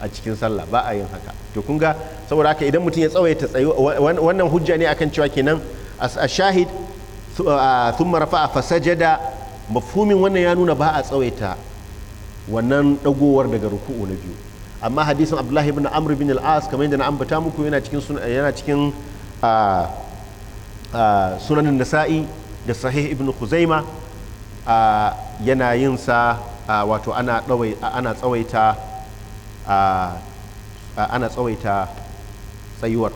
a cikin sallah ba a yin haka to kun ga saboda haka idan mutum ya tsawaita tsayo wannan hujja ne akan cewa kenan a shahid a rafa'a fasajada mafhumin wannan ya nuna ba a tsawaita wannan dagowar daga ruku'u na biyu amma hadisin abdullahi ibn amr bin al-as kamar yadda na ambata muku yana cikin yana cikin sunanin nasa'i da sahih ibn khuzaima yana yin sa wato ana tsawaita ana tsawaita tsayuwar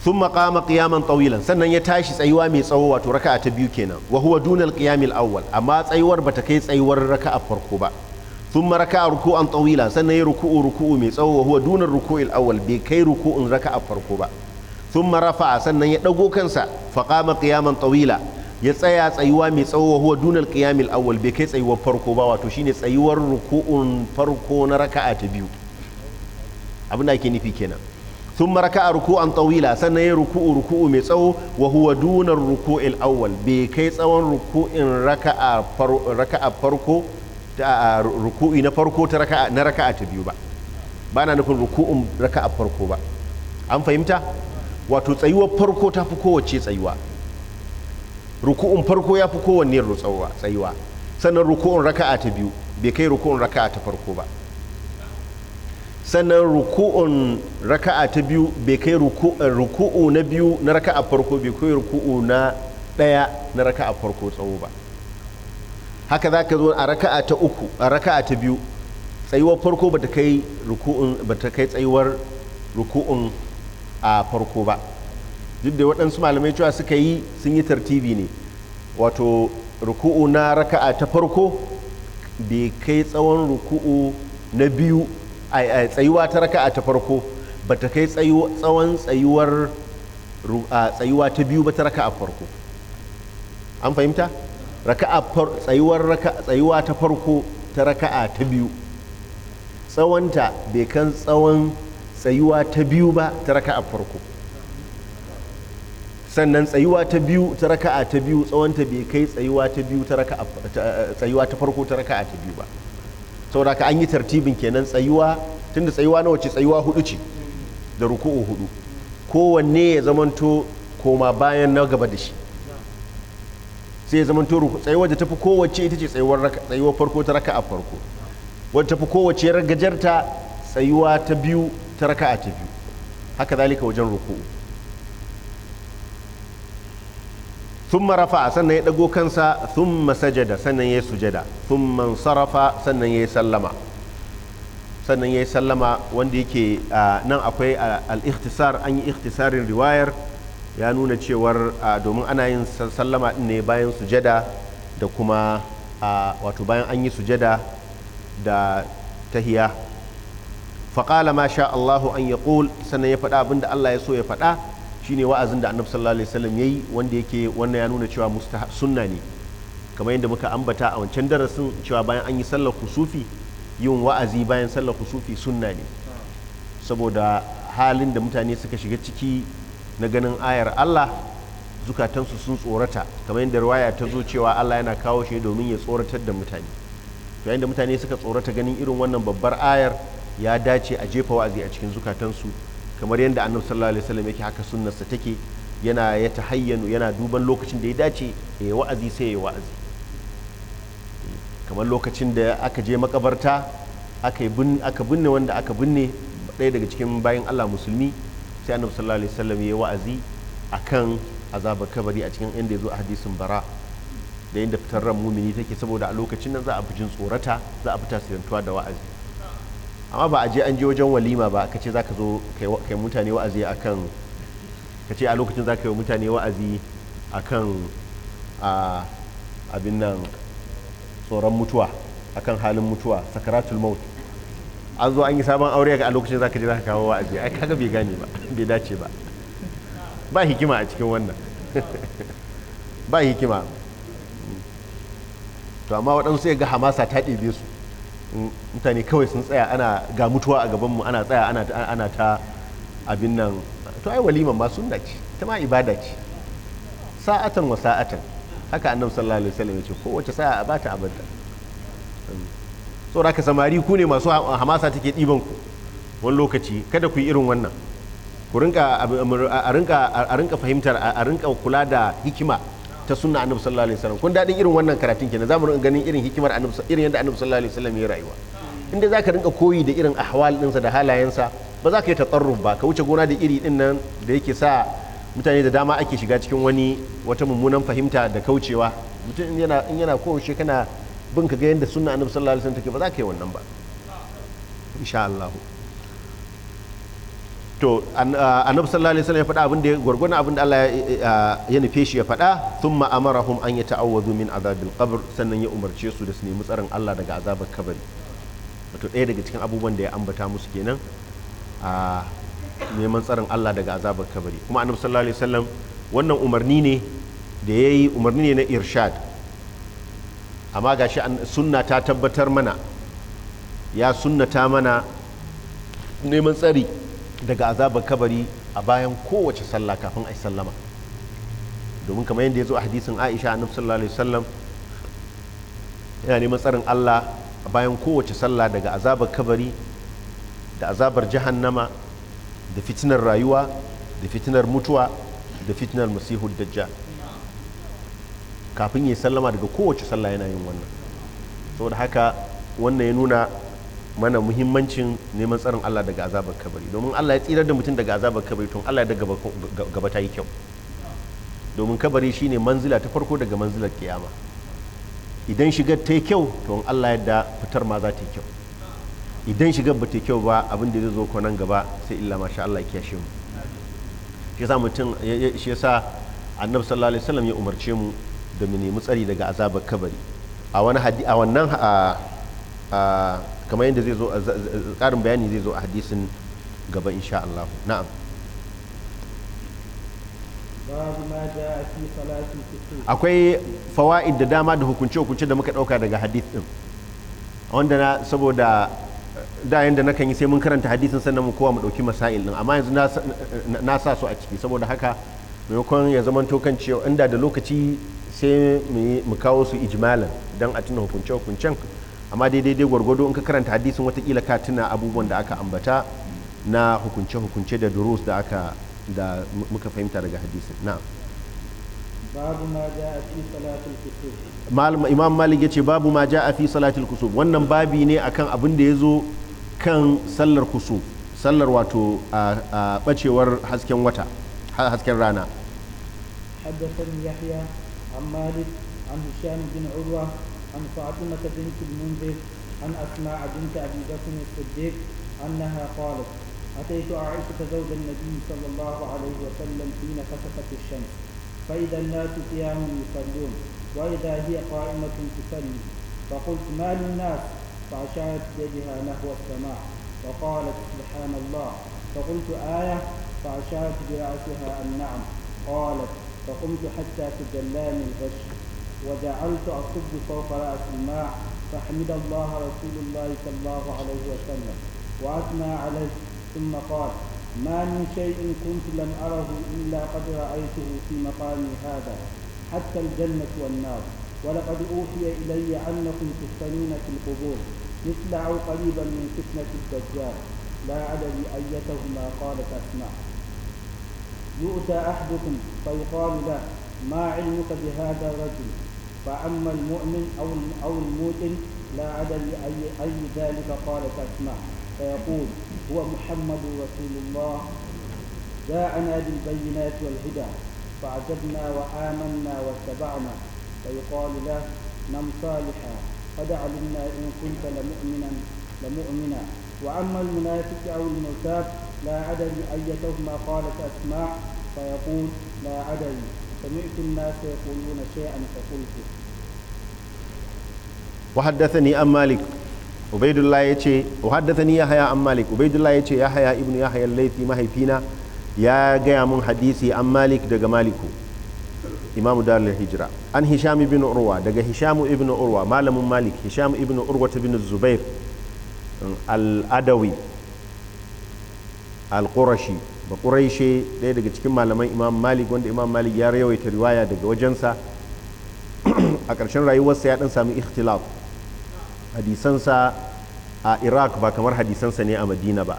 sun maƙama ƙiyaman tsawilan sannan ya tashi tsayuwa mai tsawo wato raka'a ta biyu kenan wa huwa dunal ƙiyamil awwal amma tsayuwar bata kai tsayuwar raka'a farko ba thumma raka'a ruku'an tawila sannan ya ruku'u ruku'u mai tsawo wa huwa dunar ruku'il awwal bai kai ruku'un raka'a farko ba thumma rafa'a sannan ya dago kansa fa qama ya tsaya tsayuwa mai tsawo wa huwa dunal qiyamil bai kai tsayuwar farko ba wato shine tsayuwar ruku'un farko na raka'a ta biyu abin da ake nufi kenan thumma raka'a sannan ya ruku'u awwal bai kai tsawon ruku'in raka'a farko ta ruku'i na farko ta raka'a na raka'a ta biyu ba ba na nufin ruku'un raka'a farko ba an fahimta wato tsayuwar farko ta fi kowace tsayuwa ruku'un farko ya fi kowanne tsayuwa sannan ruku'un raka'a ta biyu bai kai ruku'un raka'a ta farko ba sannan ruku'un raka'a ta biyu bai kai ruku'u na biyu na raka'a farko bai kai ruku'u na ɗaya na raka'a farko tsawo ba haka za ka zo a raka'a ta uku a raka'a ta biyu tsayuwar farko ba ta kai tsayuwar ruku'un a farko ba duk da waɗansu malamai cewa suka yi sun yi tartibi ne wato ruku'u na raka'a ta farko bai kai tsawon ruku'u na biyu a tsayuwa ta raka'a ta farko ba ta kai tsawon tsayuwar tsayuwa ta biyu ba ta raka'a farko an fahimta tsayuwar raka tsayuwa ta farko ta raka'a ta biyu tsawonta bai kan tsawon tsayuwa ta biyu ba ta raka'a farko sannan tsayuwa ta biyu ta raka'a ta biyu tsawonta bai kai tsayuwa ta biyu ta raka'a tsayuwa ta farko ta raka'a ta biyu ba saboda ka an yi tartibin kenan tsayuwa tunda tsayuwa nawa ce tsayuwa hudu ce da ruku'u hudu kowanne ya zamanto koma bayan na gaba da shi sai ya zama to tsayuwar da tafi kowace ita ce tsayuwar farko ta raka a farko wadda tafi kowace ragajarta tsayuwa ta biyu ta raka a ta biyu haka zalika wajen ruku. sun marafa sannan ya ɗago kansa sun masajada sannan ya yi sujada sun mansarafa sannan ya yi sallama sannan ya yi sallama wanda yake nan akwai al-ikhtisar an yi ikhtisarin riwayar ya nuna cewar domin ana yin sallama din ne bayan sujada da kuma wato bayan an yi sujada da tahiya faƙala ma sha Allahu an ya ƙul sannan ya faɗa abinda Allah ya so ya faɗa shine wa'azin da annabi sallallahu alaihi wasallam yayi wanda yake wannan ya nuna cewa sunna ne kamar yadda muka ambata a wancan darasin cewa bayan an yi sallar kusufi yin wa'azi bayan sallar kusufi sunna ne saboda halin da mutane suka shiga ciki na ganin ayar Allah zukatansu sun tsorata kamar yadda ruwaya ta zo cewa Allah yana kawo shi domin ya tsoratar da mutane to yayin da mutane suka tsorata ganin irin wannan babbar ayar ya dace a jefa wa'azi a cikin zukatansu kamar yadda annabi sallallahu alaihi wasallam yake haka sunnarsa take yana ya tahayyanu yana duban lokacin da ya dace ya wa'azi sai ya wa'azi kamar lokacin da aka je makabarta aka binne wanda aka binne ɗaya daga cikin bayan Allah musulmi sai annabi sallallahu alaihi wasallam yayi wa'azi akan azabar kabari a cikin inda yazo a hadisin bara da inda fitar ran mumini take saboda a lokacin nan za a fi tsorata za a fita tasirantuwa da wa'azi amma ba a je an je wajen walima ba ka ce za ka zo kai mutane wa'azi akan ka ce a lokacin za ka yi mutane wa'azi akan abin nan tsoron mutuwa akan halin mutuwa sakaratul maut an zo an yi sabon aure a lokacin ka je ka kawo wa'azi ai kaga bai gane ba bai dace ba ba hikima a cikin wannan [LAUGHS] ba hikima to amma waɗansu ya ga hamasa ta ɗebe su mm, mutane kawai sun tsaya ana ga mutuwa a gabanmu ana tsaya ana ta abin nan to ai waliman ma sunna ce ta ma ibada ce sa'atan wa sa'atan haka annabi sallallahu alaihi wasallam ya ce kowace sa'a a bata abada saboda ka samari ku ne masu hamasa take ɗiban ku wani lokaci kada ku yi irin wannan ku rinka a rinka fahimtar a rinka kula da hikima ta sunna annabi sallallahu alaihi wasallam kun daɗin irin wannan karatun kenan mu rinka ganin irin hikimar irin yadda annabi sallallahu alaihi wasallam ya rayuwa inda za ka rinka koyi da irin ahwal ɗinsa da halayensa ba za ka yi tatsarruf ba ka wuce gona da iri din nan da yake sa mutane da dama ake shiga cikin wani wata mummunan fahimta da kaucewa mutum in yana kowace kana bin ka ga yadda sunna annabi sallallahu alaihi wasallam take ba za ka yi wannan ba insha Allah to annabi sallallahu alaihi wasallam ya faɗa abin da gwargwana abin da Allah ya nufe shi ya faɗa thumma amarahum an yata'awwadu min azabil qabr sannan ya umarce su da su nemi tsaron Allah daga azabar kabari wato ɗaya daga cikin abubuwan da ya ambata musu kenan a neman tsaron Allah daga azabar kabari kuma annabi sallallahu alaihi wasallam wannan umarni ne da yayi umarni ne na irshad amma ga shi sunna ta tabbatar mana ya sunnata mana neman tsari daga azabar kabari a bayan kowace sallah kafin a sallama domin kamar yadda ya zo a hadisin aisha a sallallahu alaihi wasallam yana neman tsarin allah a bayan kowace sallah daga azabar kabari da azabar jahannama da fitinar rayuwa da fitinar mutuwa da fitinar masihu dajjal kafin ya sallama daga kowace sallah yana yin wannan saboda haka wannan ya nuna mana muhimmancin neman tsarin Allah daga azabar kabari domin Allah ya tsirar da mutum daga azabar kabari tun Allah ya daga gaba ta yi kyau domin kabari shine manzila ta farko daga manzilar kiyama idan shigar ta yi kyau to Allah ya da fitar ma za ta yi kyau idan shigar ba ta yi kyau ba abin da zai zo ko nan gaba sai illa masha Allah ya kiyashe mu shi yasa mutum shi yasa annabi sallallahu alaihi wasallam ya umarce mu da mu nemi tsari daga azabar kabari a wani hadi a wannan a kamar yadda zai zo karin bayani zai zo a hadisin gaba insha Allah na'am akwai fawaid da dama da hukunce-hukunce da muka dauka daga hadith din wanda na saboda da yanda na kan yi sai mun karanta hadisin sannan mu kowa mu dauki masail din amma yanzu na sa su a ciki saboda haka maimakon ya zama to cewa inda da lokaci sai mu kawo su ijmalan don a tuna hukunce-hukuncen amma daidai dai gwargwado in ka karanta hadisin watakila ka tuna abubuwan da aka ambata na hukunce-hukunce da durus da aka da muka fahimta daga hadisin na. babu ma ja a fi salatul kusur imam malik ya ce babu ma ja a fi salatul kusur wannan babi ne akan abin da ya zo kan sallar kusuf sallar wato a bacewar hasken wata hasken rana حدثني Yahya. عن مالك عن هشام بن عروة عن فاطمة بنت المنذر عن أسماء بنت أبي بكر الصديق أنها قالت أتيت عائشة زوج النبي صلى الله عليه وسلم حين خسفت الشمس فإذا الناس قيام يصلون وإذا هي قائمة تصلي فقلت ما للناس فأشارت بيدها نحو السماء وقالت سبحان الله فقلت آية فأشارت برأسها النعم قالت فقمت حتى تجلاني الغش وجعلت أصب فوق رأس الماء فحمد الله رسول الله صلى الله عليه وسلم وأثنى عليه ثم قال ما من شيء كنت لم أره إلا قد رأيته في مقامي هذا حتى الجنة والنار ولقد أوحي إلي أنكم تفتنون في القبور مثل أو قريبا من فتنة الدجال لا أدري أيتهما قالت أسمع يؤتى أحدكم فيقال له ما علمك بهذا الرجل فأما المؤمن أو أو الموتن لا أدري أي أي ذلك قالت أسماء فيقول هو محمد رسول الله جاءنا بالبينات والهدى فعجبنا وآمنا واتبعنا فيقال له نم صالحا قد علمنا إن كنت لمؤمنا لمؤمنا وأما المنافق أو المرتاب لا أدري أيتهما قالت أسماء فيقول لا أدري سمعت الناس يقولون شيئا فقلت وحدثني أم مالك عبيد الله يتي وحدثني يحيى أم مالك عبيد الله يتي يحيى ابن يحيى الليثي فينا يا جاي من حديثي أم مالك دغ مالكو إمام دار الهجرة عن هشام بن أروى دغ هشام بن أروى مالم مالك هشام بن أروى بن الزبير الأدوي al-qurashi ba quraishe ɗaya daga cikin malaman imam malik wanda imam malik ya yawaita riwaya daga wajensa [CLEARS THROAT] a ƙarshen rayuwarsa ya ɗan sami ikhtilaf hadisansa a iraq ba kamar hadisansa ne a madina ba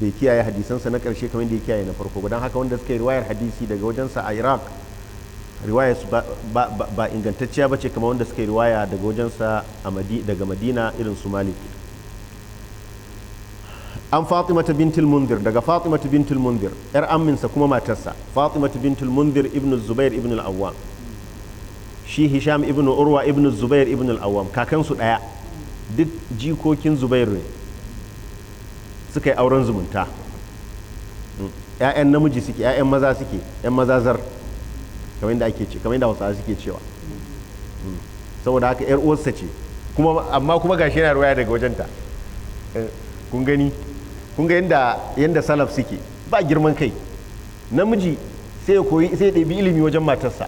bai kiyaye hadisansa na ƙarshe kamar da ya kiyaye na farko ba don haka wanda suka yi riwayar hadisi daga wajensa a iraq riwaya ba ingantacciya ba ce kamar wanda suka yi riwaya daga wajensa daga madina irin su malik an fatimata bintul mundir daga fatimata bintul mundir yar amminsa kuma matarsa fatimata bintul mundir ibn zubair ibn al-awwam shi hisham ibn urwa ibn zubair ibn al-awwam kakansu daya duk jikokin zubair ne suka yi auren zumunta mm. ‘ya'yan namiji suke ‘ya'yan maza suke ‘yan mazazar kamar yadda ake ce kamar yadda hausawa suke cewa mm. saboda haka ‘yar uwarsa ce amma kuma gashi yana ruwaya daga wajenta eh, kun gani kun ga yanda yanda salaf suke ba girman kai namiji sai ya koyi sai ya ɗabi ilimi wajen matarsa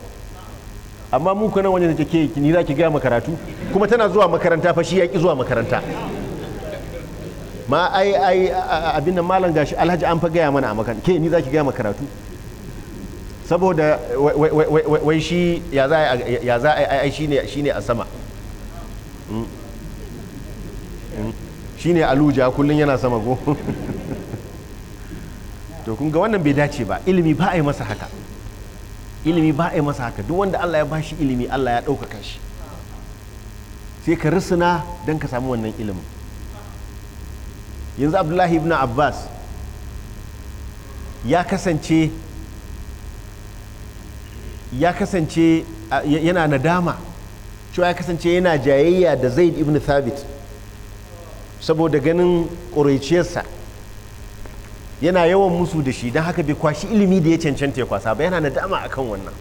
amma mu kuna wajen da ke ni za ki gaya makaratu kuma tana zuwa makaranta fa shi ya ki zuwa makaranta ma ai ai abin nan malam gashi alhaji an fa gaya mana a makaranta ke ni za ki gaya makaratu saboda wai shi ya za a yi shi ne a sama hmm. shine aluja kullum yana sama go to kun ga wannan bai dace ba ilimi ba a yi masa haka ilimi ba a yi masa haka duk wanda Allah ya ba bashi ilimi Allah ya ɗaukaka shi sai ka risina don ka samu wannan ilimin yanzu abdullahi ibn abbas ya kasance ya kasance yana nadama cewa ya kasance yana jayayya da zaid ibn thabit saboda ganin ƙuraiciyarsa yana yawan musu da shi don haka bai kwashi ilimi da ya cancanta ya kwasa ba yana nadama kan wannan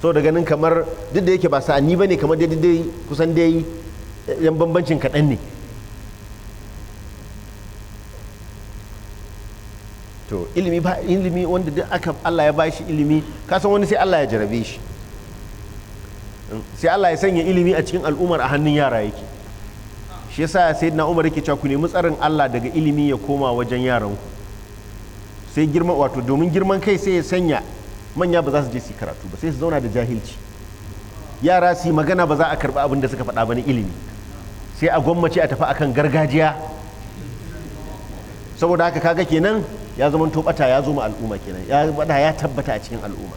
so da ganin kamar duk da yake ba sa'ani ba ne kamar daidai kusan dai yan bambancin kaɗan ne to ilimi ba ilimi wanda duk aka Allah ya bashi ilimi kasan wani sai Allah ya jarabe shi sai Allah ya sanya ilimi a cikin al'ummar a hannun yara yake shi yasa na umar yake cewa ku nemi tsarin Allah daga ilimi ya koma wajen yaran ku sai girma wato domin girman kai sai ya sanya manya ba za su je su karatu ba sai su zauna da jahilci yara su magana ba za a karba abin da suka faɗa ba na ilimi sai a gwammace a tafi akan gargajiya saboda haka kaga kenan ya zama tobata ya zo ma al'umma kenan ya bada ya tabbata a cikin al'umma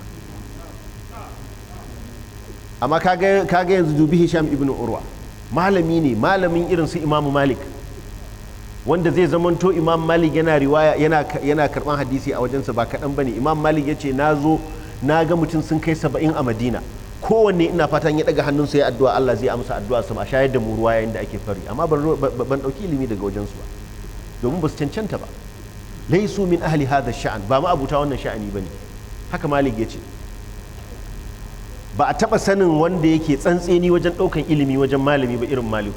amma kaga yanzu dubi hisham ibnu urwa malami ne malamin irin su imamu malik wanda zai zamanto imam malik yana riwaya yana karban hadisi a wajensa ba kaɗan bane imam malik ya ce na zo na ga mutum sun kai saba'in a madina kowanne ina fatan ya daga hannunsa ya addu'a Allah zai amsa addu'a ma a shayar da mu ruwa yayin da ake fari amma ban ɗauki ilimi daga wajensu ba domin ba su cancanta ba laisu min ahli hadha sha'an ba ma abuta wannan sha'ani bane haka malik ya ce ba a taba sanin wanda yake tsantseni wajen ɗaukan ilimi wajen malami ba irin maliku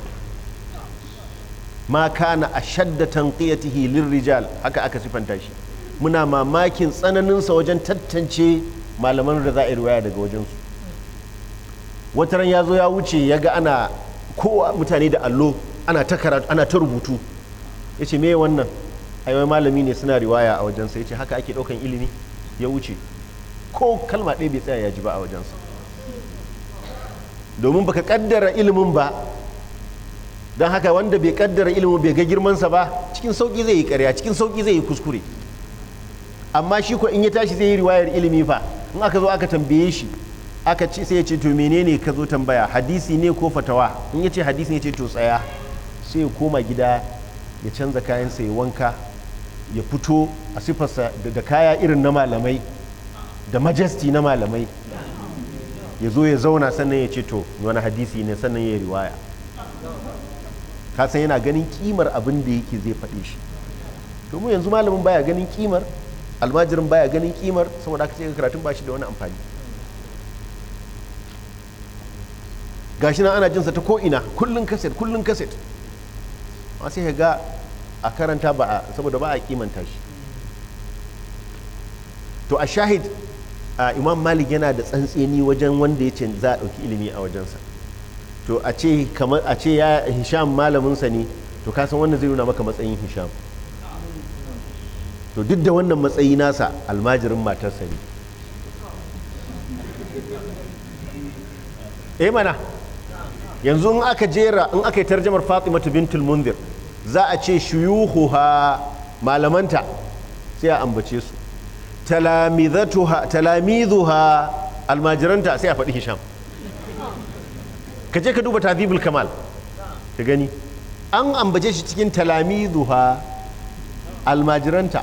ma kana a shadda tanqiyatihi lirrijal haka aka sifanta shi muna mamakin tsananinsa wajen tantance malaman da za a riwaya daga wajensu ran ya zo ya wuce ya ga ana ko mutane da allo ana ta rubutu ya ce me wannan aiwai malami ne suna riwaya a wajensa ya ce haka ake ɗaukan ilimi ya wuce ko kalma ɗaya bai tsaya ya ji ba a wajensa domin baka kaddara ilimin ba don haka wanda bai kaddara ilimin bai ga girmansa ba cikin sauki zai yi karya cikin sauki zai yi kuskure amma shi ko in ya tashi zai yi riwayar ilimi fa in aka zo aka tambaye shi aka ce sai ya ce to menene ka zo tambaya hadisi ne ko fatawa in ya ce hadisi ne ce to tsaya sai ya koma gida ya canza kayansa ya wanka ya fito a sifarsa da kaya irin na malamai da majesty na malamai ya zo ya zauna sannan ya ce to wani hadisi ne sannan ya riwaya kasan yana ganin kimar abin da yake zai faɗe shi domin yanzu malamin baya ganin kimar almajirin baya ganin kimar saboda aka ce karatun ba da wani amfani gashi nan ana sa ta ko ina kullum kaset kullum kaset amma sai ga a karanta ba saboda ba a kimanta shi to a shahid imam malik yana da tsantseni wajen wanda ya ce za a ɗauki ilimi a wajensa to a ce kamar a ce ya hisham malaminsa ne to ka san wannan zai nuna maka matsayin hisham to duk da wannan matsayi nasa almajirin matarsa ne eh mana yanzu in aka jera in aka yi tarjamar fatimatu bintul munzir za a ce shuyuhuha malamanta sai a ambace su ha almajiranta sai a faɗi hisham ka je ka duba tazibul kamal ka gani an ambace shi cikin ha almajiranta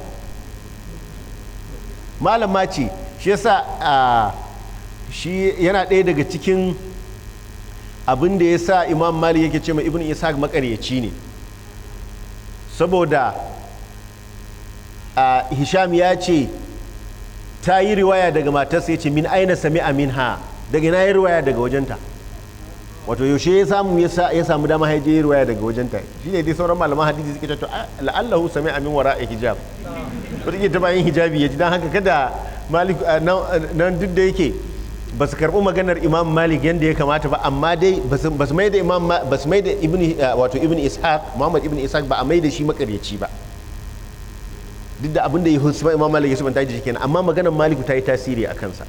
malama ce shi yasa shi yana ɗaya daga cikin abin da ya sa imam mali yake ce ma ibn ishaq makaryaci ne saboda hisham ya ce ta yi riwaya daga matarsa ya ce min aina sami amin ha daga na yi riwaya daga wajenta wato yaushe ya samu ya samu dama ya yi riwaya daga wajenta shi ne dai sauran malaman hadisi suke cewa to la'allahu sami amin wara a hijab wata ke ta yin hijabi ya ji don haka kada malik nan duk da yake ba su karɓi maganar imam malik yadda ya kamata ba amma dai ba su mai da imam ba su mai da ibn wato ibn ishaq muhammad ibn ishaq ba a mai da shi makaryaci ba duk da abin da ya husu imam malik ya subanta jiki kenan amma maganar maliku ta yi tasiri a kansa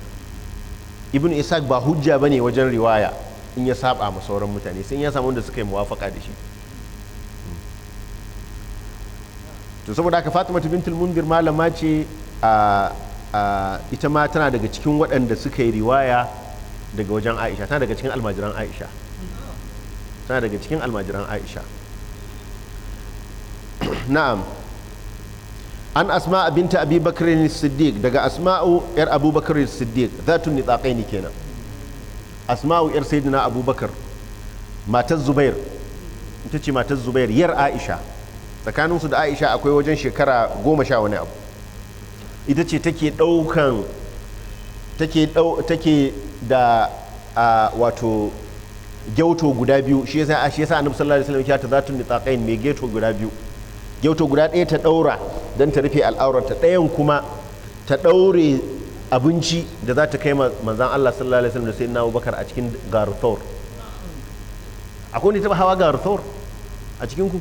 ibn isaac ba hujja bane wajen riwaya in ya saba ma sauran mutane sai ya samu wanda suka yi muwafaka da shi to saboda haka fatima bintul mundir malama ce a ita ma tana daga cikin waɗanda suka yi riwaya daga wajen aisha tana daga cikin almajiran aisha tana daga cikin almajiran aisha [CLEARS THROAT] na'am an asma binta abi bakar siddiq daga asma'u yar abubakar siddiq zatun nitsaqaini kenan asma'u yar abu abubakar matar zubair ita ce matar zubair yar aisha tsakaninsu da aisha akwai wajen shekara goma sha wani abu ita ce take ɗaukan take take da wato gyauto guda biyu shi yasa shi yasa annabi sallallahu alaihi wasallam ya ta zatun nitsaqain mai gyauto guda biyu yauto guda ɗaya ta ɗaura don ta rufe al'aurarta ɗayan kuma ta ɗaure abinci da za ta kai manzan Allah sallallahu alaihi wasallam da sai na bakar a cikin garuthor akwai wanda taɓa hawa garuthor a cikin ku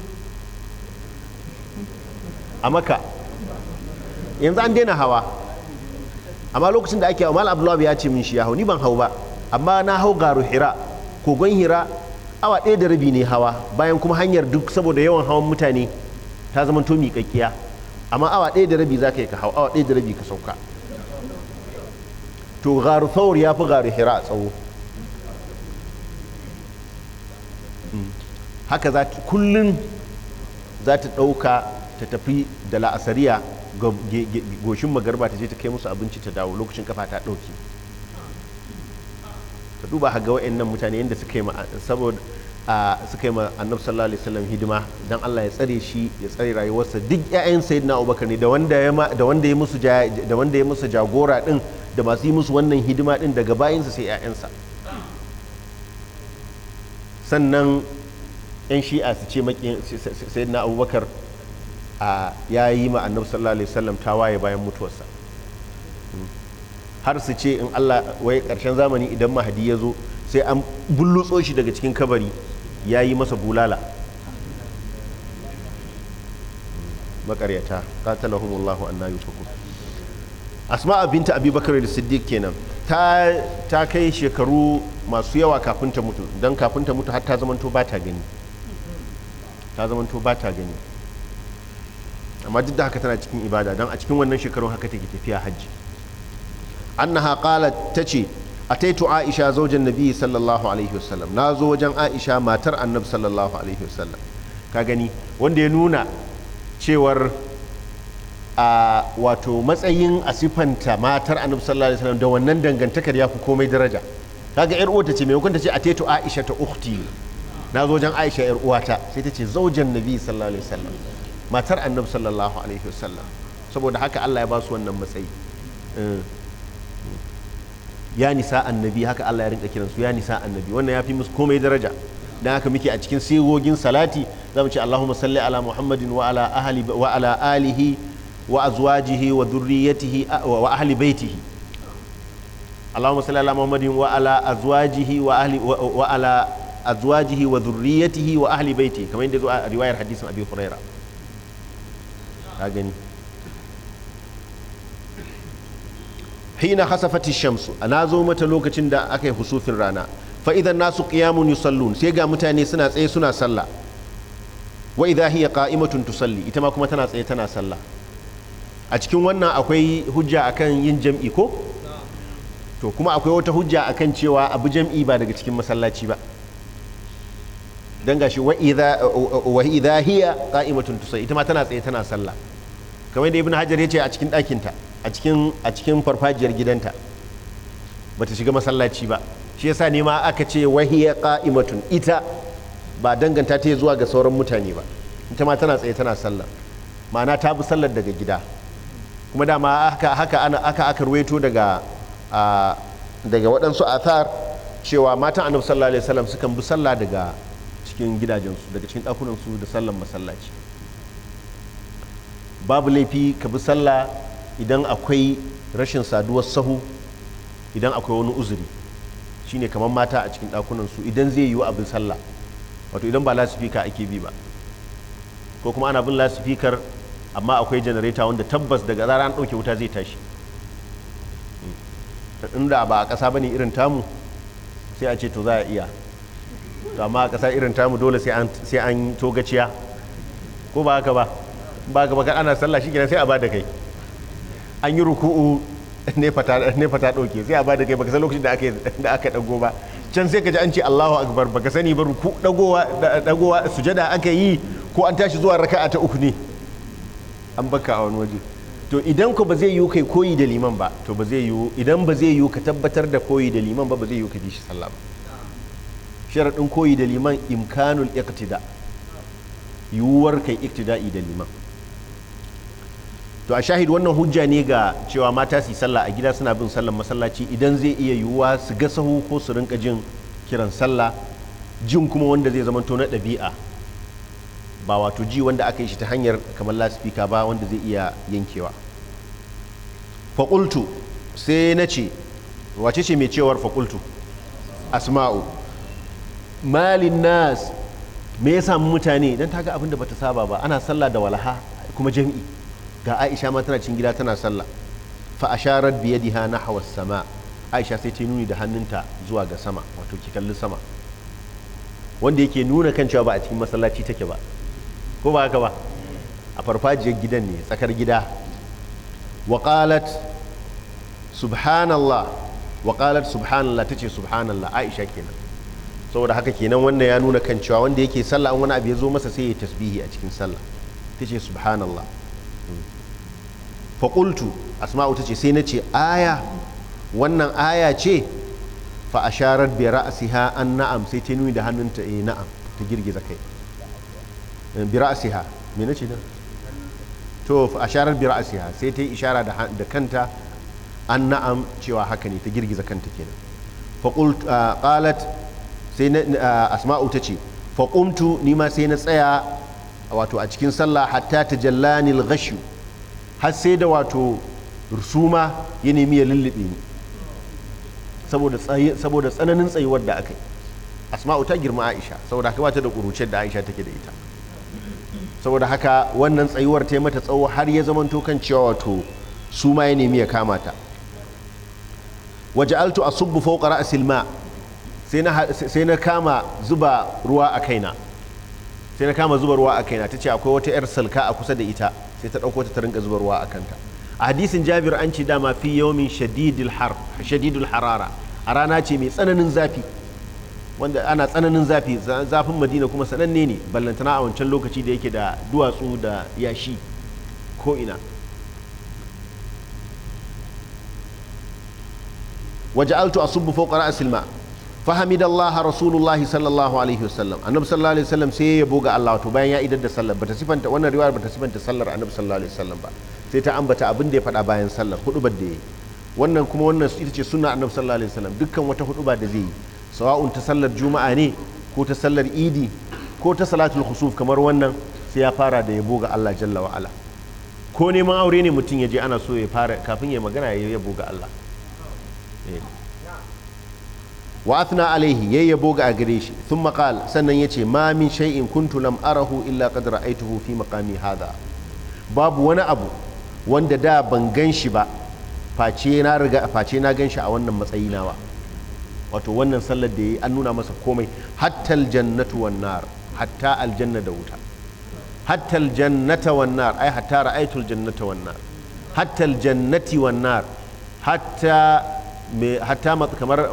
a maka yanzu an daina hawa amma lokacin da ake hawa mal abdullahi ya ce min shi ya hau ni ban hau ba amma na hau garu hira kogon hira awa ɗaya da rabi ne hawa bayan kuma hanyar duk saboda yawan hawan mutane ta zama to miƙaƙƙiya amma awa ɗaya da rabi za ka yi ka hau awa ɗaya da rabi ka sauka to garu thawar ya fi garu hira a tsawo hmm. haka za ta kullum za ta ɗauka ta tafi da la'asariya goshin magarba ta je ta kai musu abinci ta dawo lokacin kafa ta ɗauki ka duba wa'in nan mutane yadda suka yi saboda suka yi ma annabi sallallahu alaihi wasallam hidima dan Allah ya tsare shi ya tsare rayuwarsa duk ƴaƴan sayyidina Abubakar ne da wanda ya da wanda ya musu da wanda ya musu jagora din da masu yi musu wannan hidima din daga bayinsa sai ƴaƴansa sannan yan shi'a su ce sayyidina Abubakar a ya yi ma annabi sallallahu alaihi wasallam tawaye bayan mutuwarsa har su ce in Allah wai karshen zamani idan mahdi ya zo sai an bullutso shi daga cikin kabari ya yi masa bulala makaryata qatalahumullahu anna yufakun asma'a binta abubakar da siddiq kenan ta ta kai shekaru masu yawa kafin ta mutu don kafin ta mutu har ta zamanto ba ta gani ta zamanto ba ta gani amma duk da haka tana cikin ibada don a cikin wannan shekarun haka take tafiya hajji annaha qalat tace ataitu aisha zaujan nabi sallallahu alaihi wasallam na zo wajen aisha matar annabi sallallahu alaihi wasallam ka gani wanda ya nuna cewar a wato matsayin asifanta matar annabi sallallahu alaihi wasallam da wannan dangantakar ya fi komai daraja kaga yar uwata ce me ta ce a taito aisha ta ukhti na zo wajen aisha yar uwata sai ta ce zaujan nabi sallallahu alaihi wasallam matar annabi sallallahu alaihi wasallam saboda haka Allah ya ba su wannan matsayi eh. ya nisa annabi haka Allah ya rinka kiransu ya nisa annabi wannan ya fi musu komai daraja dan haka muke a cikin sigogin salati zamu ce Allahumma salli ala Muhammadin wa ala ahli wa ala alihi wa azwajihi wa dhurriyyatihi wa ahli baitihi Allahumma salli ala Muhammadin wa ala azwajihi wa ahli wa ala azwajihi wa dhurriyyatihi wa ahli baitihi kamar yadda riwayar hadisin Abi Hurairah ka gani hina khasafati shamsu ana zo mata lokacin da aka yi husufin rana fa idan nasu qiyamun yusallun sai ga mutane suna tsaye suna sallah wa idha hiya qa'imatun tusalli ita ma kuma tana tsaye tana sallah a cikin wannan akwai hujja akan yin jam'i ko to kuma akwai wata hujja akan cewa abu jam'i ba daga cikin masallaci ba dan gashi wa idha wa idha hiya qa'imatun tusalli ita ma tana tsaye tana sallah kamar da ibnu hajar yace a cikin ɗakinta ta a cikin farfajiyar gidanta bata shiga masallaci ba shi yasa ne ma aka ce wahiya qa'imatun ita ba danganta ta zuwa ga sauran mutane ba ita ma tana tsaye tana sallah ma'ana ta bi sallar daga gida kuma dama aka haka ana aka aka ruwaito daga daga waɗansu athar cewa matan annabi sallallahu alaihi wasallam sukan bi sallah daga cikin gidajensu daga cikin su da sallar masallaci babu laifi ka bi sallah idan akwai rashin saduwar sahu idan akwai wani uzuri shine kamar mata a cikin dakunan su idan zai wa abin sallah wato idan ba lasifika ake bi ba ko kuma ana bin lasifikar amma akwai janareta wanda tabbas daga zara an ɗauke wuta zai tashi hmm. inda ba a ƙasa bane irin tamu sai a ce to za a iya to amma a ƙasa irin tamu dole sai an togaciya ko ba haka ba ba haka ba ana sallah shi sai a ba da kai an yi ruku'u [LAUGHS] ne fata ɗauke sai a ba da kai baka san lokacin da aka ɗago ba can sai ka ji an ce Allahu akbar baka sani ba ruku ɗagowa sujada aka yi ko an tashi zuwa raka'a ta uku ne an baka a wani waje to idan ko ba zai yiwu kai koyi da liman ba to ba zai yiwu idan ba zai yiwu ka tabbatar da koyi da liman ba ba zai yiwu ka ji shi sallah ba sharaɗin koyi da liman imkanul iqtida yiwuwar kai iktida'i da liman to a shahid wannan hujja ne ga cewa mata su sallah a gida suna bin sallar masallaci idan zai iya yiwuwa su ga sahu ko su rinka jin kiran sallah jin kuma wanda zai zama na ɗabi'a ba wato ji wanda aka yi shi ta hanyar kamar lasifika ba wanda zai iya yankewa faƙultu sai na ce wace ce mai cewar fakultu asma'u malin nas me ya samu mutane don ta ga abin da bata saba ba ana sallah da walaha kuma jam'i ga aisha ma tana cin gida tana sallah fa asharat bi yadiha nahwa sama aisha sai ta nuni da hannunta zuwa ga sama wato ki kalli sama wanda yake nuna kan cewa ba a cikin masallaci take ba ko ba haka ba a farfajiyar gidan ne tsakar gida wa qalat subhanallah wa qalat subhanallah tace subhanallah aisha kenan saboda haka kenan wannan ya nuna kan cewa wanda yake sallah an wani abu ya zo masa sai ya tasbihi a cikin sallah tace subhanallah faƙultu asma'u ta ce sai na ce aya wannan aya ce fa asharar bi ra'asiha an na'am sai ta nuni da hannunta eh na'am ta girgiza kai eh, bi ha me nace da to fa asharar bi ra'asiha sai ta yi ishara da kanta an na'am cewa haka ne ta girgiza kanta kenan faƙultu ah, qalat sai ah, asma'u ta ce fa ni ma sai na tsaya wato a cikin sallah hatta tajallani al-ghashu har sai da wato rusuma ya nemi ya lullube ni saboda tsananin tsayuwar da aka yi asma'u ta girma aisha saboda haka bata da kuruciyar da aisha take da ita saboda haka wannan tsayuwar ta yi mata tsawo har ya zamanto kan cewa wato su ma ya nemi ya kama ta waje altu a subbu fauƙa sai na kama zuba ruwa a kaina sai na kama zubarwa a kaina ta ce akwai wata 'yar salka a kusa da ita sai ta ɗauko ta ta rinka zubarwa a kanta a hadisin jabir an ce dama fi yawmin shadidul harara a rana ce mai tsananin zafi wanda ana tsananin zafi zafin madina kuma sananne ne ballantana a wancan lokaci da yake da duwatsu da yashi ko ina waje altu a subu fokara asilma fahamidallaha rasulullahi sallallahu alaihi wasallam annabi sallallahu alaihi wasallam sai ya boga Allah to bayan ya idar da sallar bata sifanta wannan riwayar bata sifanta sallar annabi sallallahu alaihi wasallam ba sai ta ambata abin da ya faɗa bayan sallar hudubar da yayi wannan kuma wannan ita ce suna annabi sallallahu alaihi wasallam dukkan wata huduba da zai yi sawa'un ta sallar juma'a ne ko ta sallar idi ko ta salatul khusuf kamar wannan sai ya fara da yabo ga Allah jalla wa ala ko neman aure ne mutum ya je ana so ya fara kafin ya magana ya yabo ga Allah eh. واثنى عليه alaihi yayi yabo ga gare shi thumma qala sannan yace ma min shay'in kuntu lam arahu illa qad ra'aytuhu fi maqami hadha babu wani abu wanda da ban gan shi ba face na riga a wannan matsayi nawa wato wannan sallar da yayi an nuna masa komai hatta aljannatu wan nar hatta aljanna da wuta hatta aljannata wan nar ay hatta ra'aytul jannata wan nar hatta aljannati wan nar hatta hatta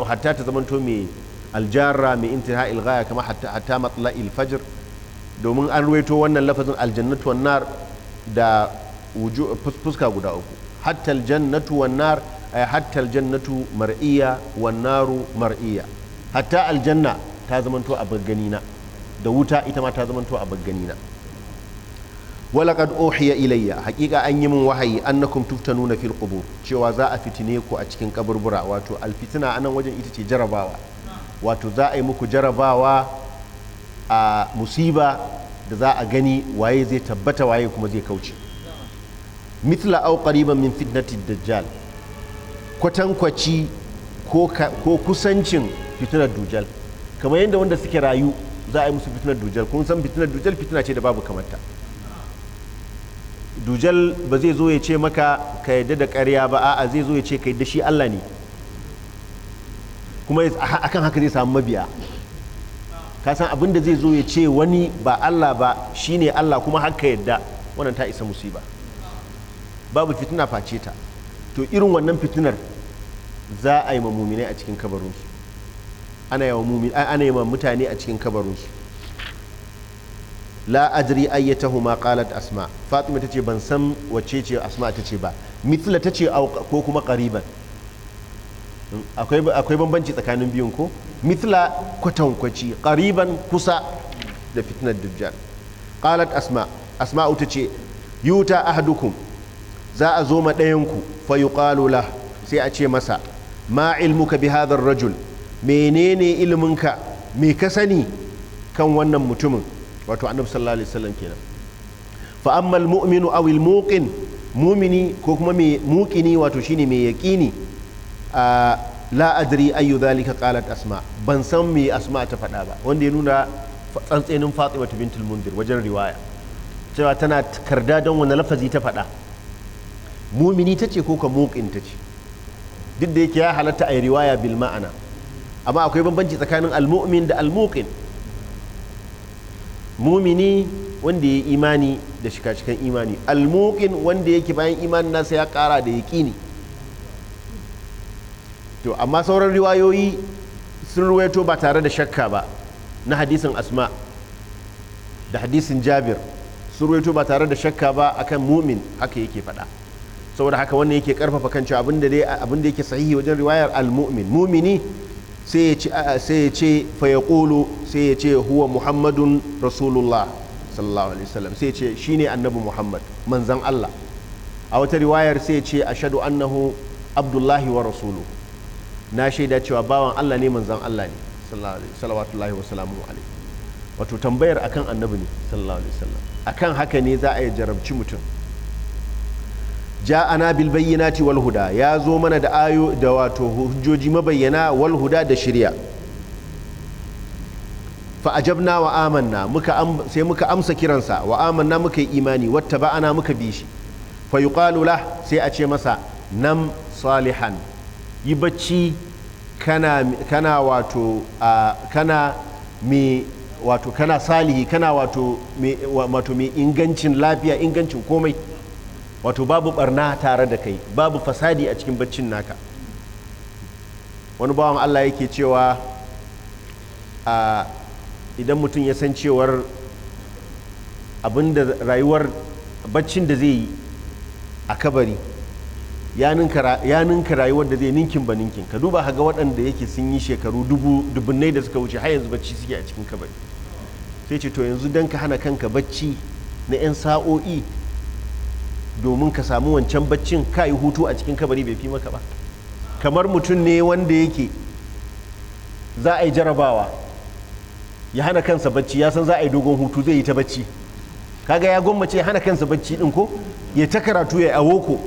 hatta ta zamanto mai aljara mai intiha ilgaya kamar hatta matla ilfajir domin an ruwaito wannan lafazin aljannatu wannan da fuska guda uku hatta aljannatu wannan ay hatta aljannatu mar'iyya wannaru mar'iyya hatta aljanna ta zamanto a bagganina da wuta ita ma ta zamanto a bagganina wala kad uhiya ilayya haqiqa an yi min wahayi annakum tuftanuna fil qubur cewa za a fitine ku a cikin kaburbura wato alfitina anan wajen ita ce jarabawa wato za a yi muku jarabawa a musiba da za a gani waye zai tabbata waye kuma zai kauce mithla au qariban min fitnati dajjal kwatankwaci ko kusancin fitnar dujal kamar yadda wanda suke rayu za a yi musu fitinar dujal kun san fitnar dujal fitina ce da babu ta dujal ba zai zo ya ce maka ka yadda da karya ba a'a zai zo ya ce ka yadda shi Allah ne kuma akan haka zai samu mabiya ka san abin da zai zo ya ce wani ba Allah ba shi ne Allah kuma haka yadda wannan ta isa musiba babu fitina face ta to irin wannan fitinar za a yi ma muminai a cikin kabarinsu ana yi wa mutane a cikin kabarinsu la adri ayyatahuma qalat asma fatima tace ban san wacce ce asma tace ba mithla tace ko kuma qariban akwai akwai bambanci tsakanin biyun ko mithla kwatankwaci qariban kusa da fitnar dujjal qalat asma asma tace yuta ahadukum za a zo ma ɗayan ku fa yuqalu sai a ce masa ma ilmuka bi hadha rajul menene ilminka me ka sani kan wannan mutumin wato annabi sallallahu alaihi wasallam kenan fa al mu'minu aw al muqin mumini ko kuma mai muqini wato shine mai yaqini a la adri ayu dhalika qalat asma ban san me asma ta faɗa ba wanda ya nuna tsantsenin fatima bintul mundir wajen riwaya cewa tana karda don wani lafazi ta faɗa mumini tace ko ka muqin ta ce duk da yake ya halatta a riwaya bil ma'ana amma akwai bambanci tsakanin al-mu'min da al-muqin mumini wanda ya imani da shika-shikan imani almuqin wanda yake bayan imanin nasa ya kara da yaƙini to amma sauran riwayoyi sun ruwaito ba tare da shakka ba na hadisin asma da hadisin jabir sun ruwaito ba tare da shakka ba akan mumin haka yake faɗa saboda haka wannan yake karfafa kan cewa abin yake sahihi wajen riwayar almumin mumini sai ya ce fayakolo sai ya ce huwa muhammadun rasulullah sallallahu alaihi wasallam sai ya ce shi ne annabi muhammad manzan allah a wata riwayar sai ya ce ashadu annahu abdullahi wa rasulu na shaida cewa bawan allah ne manzan allah ne salawatullahi wa salamu alaihi wato tambayar akan annabi ne sallallahu alaihi wasallam akan haka ne za a yi jarabci mutum ja'ana bil bayyinati wal huda ya zo mana da ayo da wato hujjoji mabayyana wal huda da shirya fa ajabna wa amanna muka sai muka amsa kiransa wa amanna muka yi imani wattaba'ana muka bi shi fa yuqalu lah sai a ce masa nam salihan yi bacci kana kana wato kana mi wato kana salihi kana wato mi ingancin lafiya ingancin komai wato babu barna tare da kai babu fasadi a cikin baccin naka wani bawan Allah yake cewa a idan mutum ya san cewar abinda rayuwar baccin da zai yi a kabari ya ninka rayuwar da zai ninkin ba ninkin ka duba haga waɗanda yake sun yi shekaru dubunnai da suka wuce har yanzu bacci suke a cikin kabari sai ce to yanzu don ka hana kanka bacci na 'yan sa'o'i domin ka samu wancan baccin ka yi hutu a cikin kabari bai fi maka ba kamar mutum ne wanda yake za a yi jarabawa ya hana kansa bacci ya san za a yi dogon hutu zai yi ta bacci kaga ya gwammace ya hana kansa bacci din ko ya ta karatu ya awoko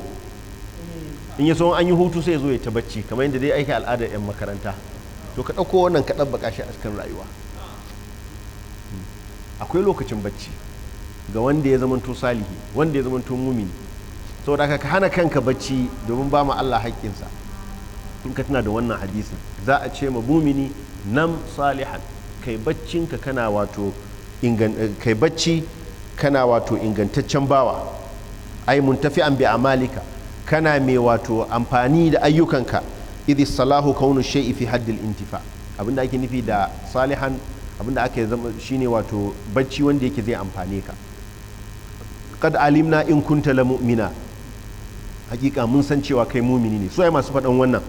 in ya so an yi hutu sai ya zo ya ta bacci kamar yadda dai aiki al'adar 'yan makaranta to ka ɗauko wannan ka ɗabbaka shi a cikin rayuwa hmm. akwai lokacin bacci ga wanda ya zamanto salihi wanda ya zamanto mumini saboda ka hana kanka bacci domin ba mu Allah haƙƙinsa in ka tuna da wannan hadisin za a ce ma mumini nam salihan kai baccinka kana wato kai bacci kana wato ingantaccen bawa ai tafi an bi amalika kana mai wato amfani da ayyukanka idhi salahu kaunu shay'i fi haddil intifa abinda ake nufi da salihan abinda ake zama shine wato bacci wanda yake zai amfane ka qad alimna in kunta la mu'mina hakika mun san cewa kai mumini ne su ai masu fadan wannan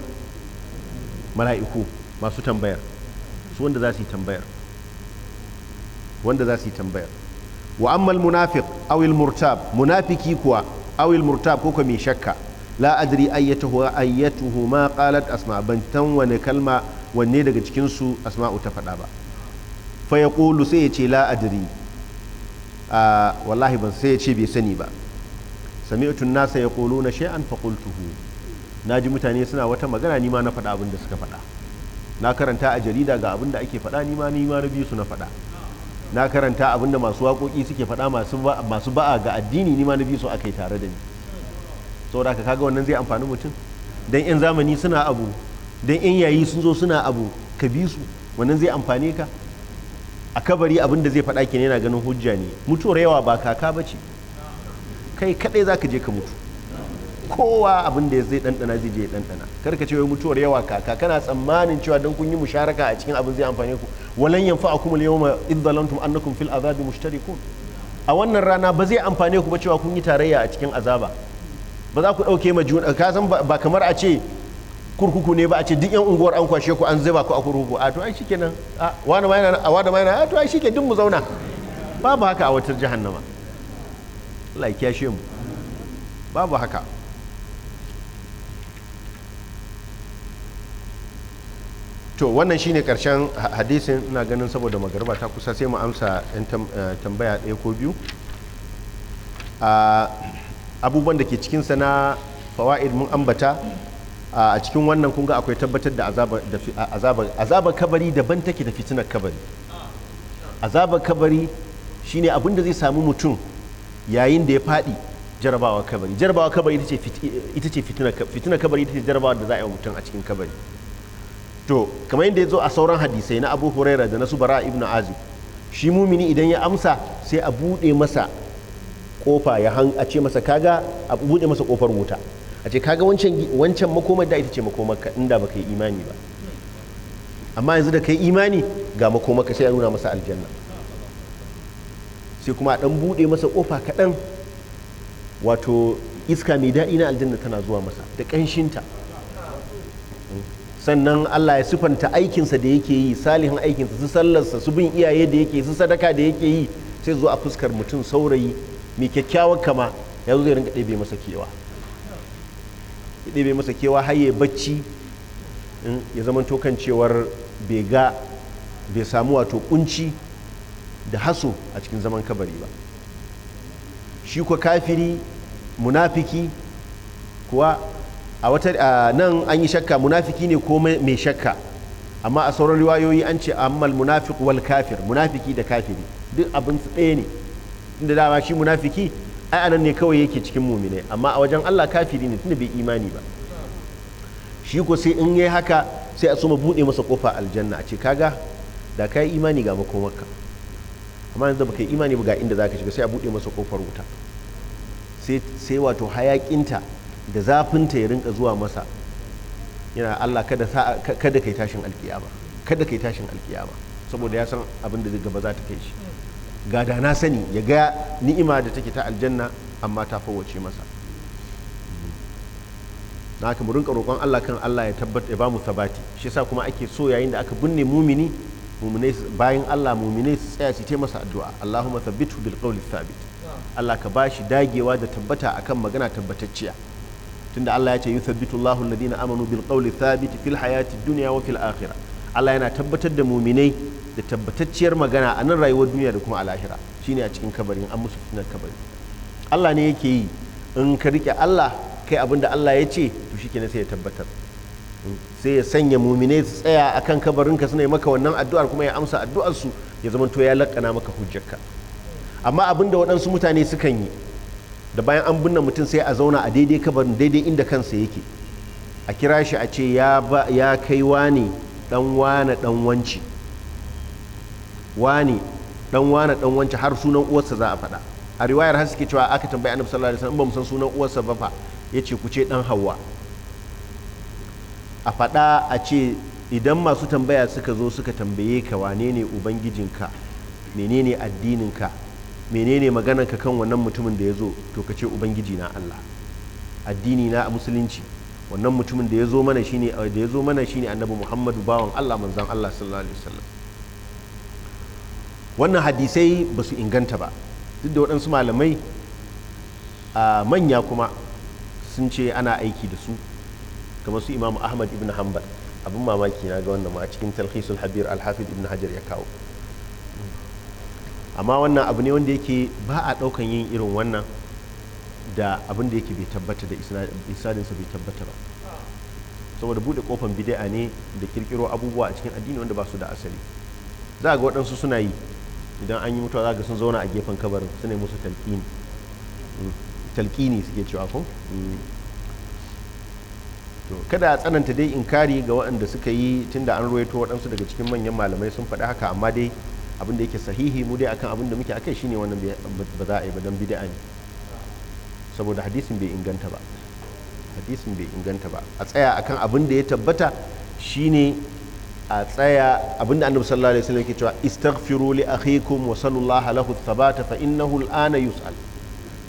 mala'iku masu tambayar su wanda za su yi tambayar wanda za su yi tambayar wa ammal munafiq awil murtab munafiki kuwa awil murtab ko mai shakka la adri ayyatuhu ayyatuhu ma qalat asma ban tan wani kalma wanne daga cikin su asma'u ta faɗa ba fa yaqulu sai ya ce la adri ah, wallahi ban sai ya ce bai sani ba sami'tu nasa na shay'an fa na ji mutane suna wata magana nima na faɗa abin da suka faɗa na karanta a jarida ga abin da ake faɗa nima nima na biyu su na faɗa na karanta abin da masu waƙoƙi suke faɗa masu ba'a ga addini nima na biyu su aka yi tare da ni saboda ka kaga wannan zai amfani mutum dan yan zamani suna abu dan yan yayi sun zo suna abu ka bi su wannan zai amfane ka a kabari abin da zai faɗa kenan yana ganin hujja ne mutuwar yawa ba kaka bace ce kai kadai za ka je ka mutu kowa abin da zai ɗanɗana zai je ɗanɗana karka ce wai mutuwar yawa kaka kana tsammanin cewa don kun yi musharaka a cikin abin zai amfane ku walan yanfa kuma al yawma id zalantum annakum fil azabi mushtarikun a wannan rana ba zai amfane ku ba cewa kun yi tarayya a cikin azaba ba za ku ɗauke ma juna ka san ba kamar a ce kurkuku ne ba a ce duk yan unguwar an kwashe ku an zuba ku a kurkuku a to ai shikenan a wani mai na a wani ma yana a to ai ke duk mu zauna babu haka a wutar jahannama Allah ya kyashe babu haka to wannan shine karshen hadisin ina ganin saboda magarba ta kusa sai mu amsa eh, tambaya ɗaya ko biyu abubuwan da ke cikin sana fawa'id mun ambata a cikin wannan kunga akwai tabbatar da azabar kabari daban take da fitinar kabari azabar kabari shine abin da zai samu mutum yayin da ya faɗi jarabawa kabari jarabawa kabari ita ce fitina kabari ita ce jarabawa da za a yi mutum a cikin kabari to kamar yadda ya zo a sauran hadisai na abu huraira da na subara bara ibn azib shi mumini idan ya amsa sai a buɗe masa kofa ya hang a ce masa kaga a buɗe masa kofar wuta a ce kaga wancan makomar da ita ce makomar ka inda baka yi imani ba amma yanzu da kai imani ga makomar ka sai a nuna masa aljanna sai kuma a ɗan buɗe masa kofa kaɗan wato iska mai daɗi na aljanna tana zuwa masa da ƙanshinta sannan Allah ya sifanta aikinsa da yake yi salihin aikinsa su sallarsa su bin iyaye da yake su sadaka da yake yi sai zo a fuskar mutum saurayi mai kyakkyawar kama ya zo zai rinka ɗebe masa kewa ya ɗebe masa kewa har ya bacci ya zama tokancewar bai ga bai samu wato ƙunci. da haso a cikin zaman kabari ba shi kuwa kafiri munafiki kuwa a wata nan an yi shakka munafiki ne ko mai shakka amma a sauran riwayoyi an ce ammal munafiq wal kafir munafiki da kafiri duk abin su ɗaya ne inda dama shi munafiki ai anan ne kawai yake cikin mumine amma a wajen Allah kafiri ne tunda bai imani ba shi ko sai in yayi haka sai a so mu bude masa kofa aljanna a ce kaga da kai imani ga makomarka amma yanzu baka yi imani ga inda zaka shiga sai a buɗe masa kofar wuta sai wato hayakinta da zafinta ya rinka zuwa masa yana Allah kada kai tashin alkiyama kada kai tashin alkiyama saboda ya san abin da gaba za ta kai shi ga da na sani ya ga ni'ima da take ta aljanna amma ta fawace masa na aka mu rinka roƙon Allah kan Allah ya tabbata ya bamu sabati shi sa kuma ake so yayin da aka binne mumini bayan Allah muminai su tsaya su ce masa addu'a Allahumma thabbithu bil qawli thabit Allah ka bashi dagewa da tabbata akan magana tabbatacciya tunda Allah ya ce yuthabbitu Allahu alladhina amanu bil qawli thabit fil hayati dunya wa fil akhirah Allah yana tabbatar da muminai da tabbatacciyar magana a nan rayuwar duniya da kuma alahira shine a cikin kabarin an musu fitinar kabari Allah ne yake yi in ka rike Allah kai abin da Allah ya ce to shikenan sai ya tabbatar sai ya sanya mumine su tsaya a kan kabarinka suna yi maka wannan addu'ar kuma ya amsa addu'arsu ya zama to ya laƙana maka hujjarka amma abin da waɗansu mutane sukan yi da bayan an binne mutum sai a zauna a daidai kabarin daidai inda kansa yake a kira shi a ce ya kai wane ɗan wane ɗan wanci wane ɗan wane ɗan wanci har sunan uwarsa za a faɗa a riwayar har suke cewa aka tambayi annabi sallallahu alaihi wasallam ba mu san sunan uwarsa ba fa yace ku ce ɗan hawa a faɗa a ce idan masu tambaya suka zo suka tambaye ka wane ne ubangijinka menene addininka menene maganarka kan wannan mutumin da ya zo to ka ce ubangiji na Allah addini na a musulunci wannan mutumin da ya zo mana shine da ya zo mana shine annabi Muhammadu bawan Allah manzon Allah sallallahu alaihi wasallam wannan hadisai ba su inganta ba duk da waɗansu malamai a manya kuma sun ce ana aiki da su kamar su imamu ahmad ibn hanbal abin mamaki na ga wannan ma a cikin talhisul habir alhafid ibn hajar ya kawo amma wannan abu ne wanda yake ba a ɗaukan yin irin wannan da abin da yake bai tabbata da isadinsa bai tabbata ba saboda buɗe kofan bid'a ne da kirkiro abubuwa a cikin addini wanda ba su da asali za ga waɗansu suna yi idan an yi mutuwa za ga sun zauna a gefen kabarin su ne musu talƙini hmm. talƙini suke cewa ko hmm. kada a tsananta dai inkari ga waɗanda suka yi tunda an ruwaito waɗansu daga cikin manyan malamai sun faɗi haka amma dai abin da yake sahihi mu dai akan abin da muke akai shine wannan ba za a yi ba dan bid'a ne saboda hadisin bai inganta ba hadisin bai inganta ba a tsaya akan abin da ya tabbata shine a tsaya abin da annabi sallallahu alaihi wasallam yake cewa istaghfiru li akhikum wa sallallahu lahu thabata fa innahu al'ana yus'al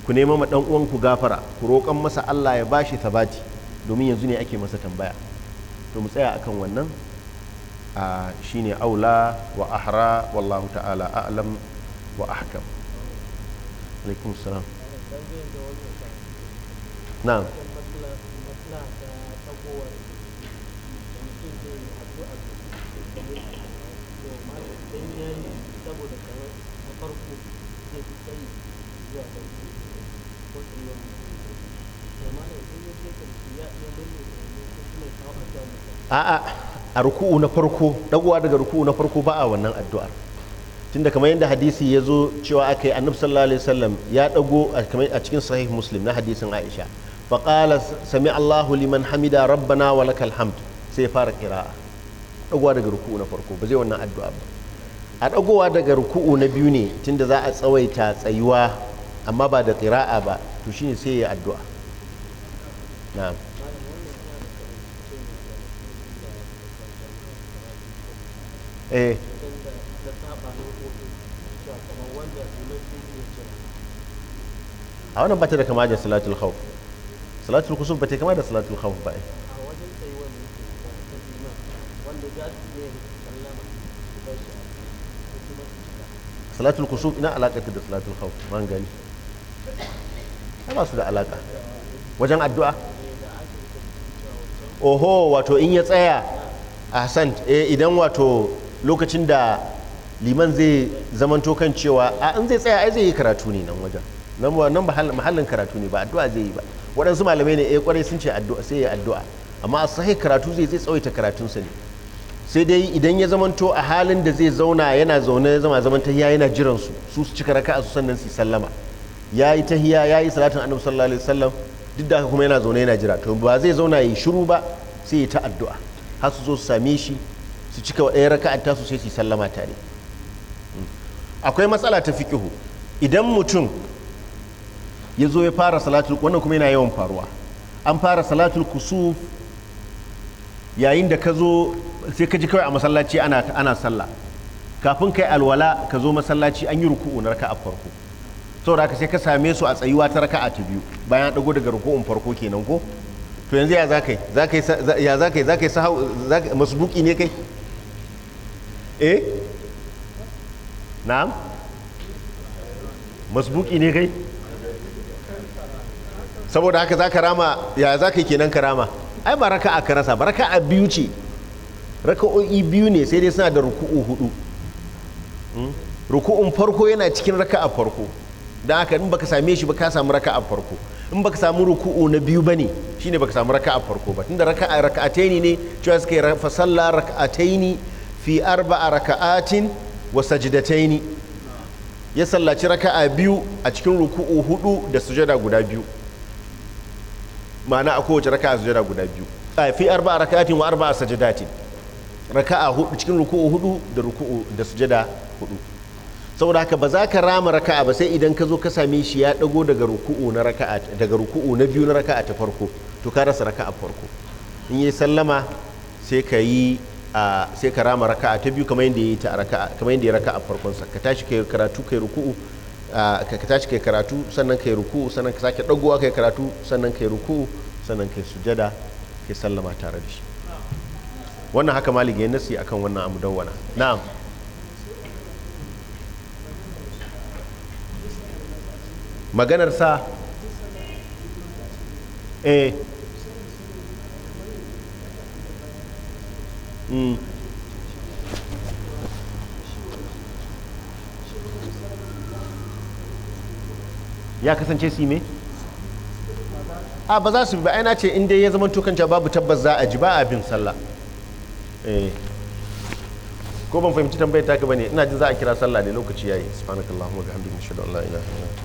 ku nema ma dan uwanku gafara ku roƙan masa Allah ya bashi thabati domin yanzu ne ake masa tambaya to mu tsaya akan wannan a ne aula wa ahra wallahu ta'ala a'lam wa ahkam alaikum salam na'am saboda farko zai a'a a ruku'u na farko dagowa daga ruku'u na farko ba a wannan addu'ar tunda kamar yadda hadisi ya zo cewa aka yi annabi sallallahu alaihi wasallam ya dago a cikin sahih muslim na hadisin aisha faqala sami allahu liman hamida rabbana wa lakal hamd sai fara qira'a dagowa daga ruku'u na farko ba zai wannan addu'a ba a dagowa daga ruku'u na biyu ne tunda za a tsawaita tsayuwa amma ba da qira'a ba to shine sai ya addu'a na'am eh a wannan bata da kama da salatul khawf salatul ba bata kama da salatul khawf ba salatul kusur ina alaka da salatul khawf ban gani ba su da alaka wajen addu'a oho wato in ya tsaya a hassan eh, idan wato lokacin da liman zai zamanto kan cewa a in zai tsaya ai zai yi karatu ne nan wajen nan mahallin karatu ne ba addu'a zai yi ba waɗansu malamai ne eh kwarai sun ce addu'a sai ya addu'a amma a sahi karatu zai zai tsawaita sa ne sai dai idan ya zamanto a halin da zai zauna yana zaune ya zama zaman tahiya yana jiran su su su cika raka'a su sannan su sallama yayi tahiya yayi salatin annabi sallallahu alaihi wasallam duk da kuma yana zaune yana jira to ba zai zauna yi shiru ba sai ya ta addu'a har su zo su same shi su cika ɗaya eh, raka'a su sai su sallama tare akwai matsala ta fikihu idan mutum ya zo ya fara salatul wannan kuma yana yawan faruwa an fara salatul kusuf yayin da ka zo sai ka ji kawai a masallaci ana ana sallah kafin kai alwala ka zo masallaci an yi ruku'u na raka'a farko saboda haka sai ka same su a tsayuwa ta raka'a ta biyu bayan dago daga ruku'un farko kenan ko to yanzu ya za kai ya masbuki ne kai eh na'am masbuki ne kai saboda haka za ka rama ya za ka yi kenan ka rama ai ba raka a karasa ba raka a biyu ce raka'o'i biyu ne sai dai suna da ruku'u hudu hmm? ruku'un farko yana cikin raka a farko da haka in baka same shi ba ka samu raka a farko in baka samu ruku'u na biyu ba ne shine baka samu raka a farko ba tunda raka a raka'ataini ne cewa suka yi fasalla raka'ataini fi arba'a raka'atin wa sajidataini ya sallaci raka'a biyu a cikin ruku'u hudu da sujada guda biyu ma'ana a kowace raka'a sujada guda biyu a fi arba'a raka'atin wa arba'a sajidatin raka'a hudu cikin ruku'u hudu da ruku'u da sujada hudu saboda haka ba za ka rama raka'a ba sai idan ka zo ka same shi ya dago daga ruku'u na raka'a daga ruku'u na biyu na raka'a ta farko to ka rasa raka'a farko in yi sallama sai ka yi a sai ka rama raka'a ta biyu kamar yadda ya yi ta raka'a kamar yadda ya a farkon sa ka tashi kai karatu kai ruku'u ka tashi kai karatu sannan kai ruku'u sannan ka sake dagowa kai karatu sannan kai ruku'u sannan kai sujada kai sallama tare da shi wannan haka malik ya nasi akan wannan amudawwana na'am maganar sa eh Mm. ya kasance su me a ba za su bi ba aina ce inda ya zama tukanta babu tabbas za a ji ba a bin sallah eh. ko ban fahimci tambayar taka bane ina jin za a kira sallah ne lokaci yayi subhanakallahumma wa bihamdika ashhadu an Allah ilaha illa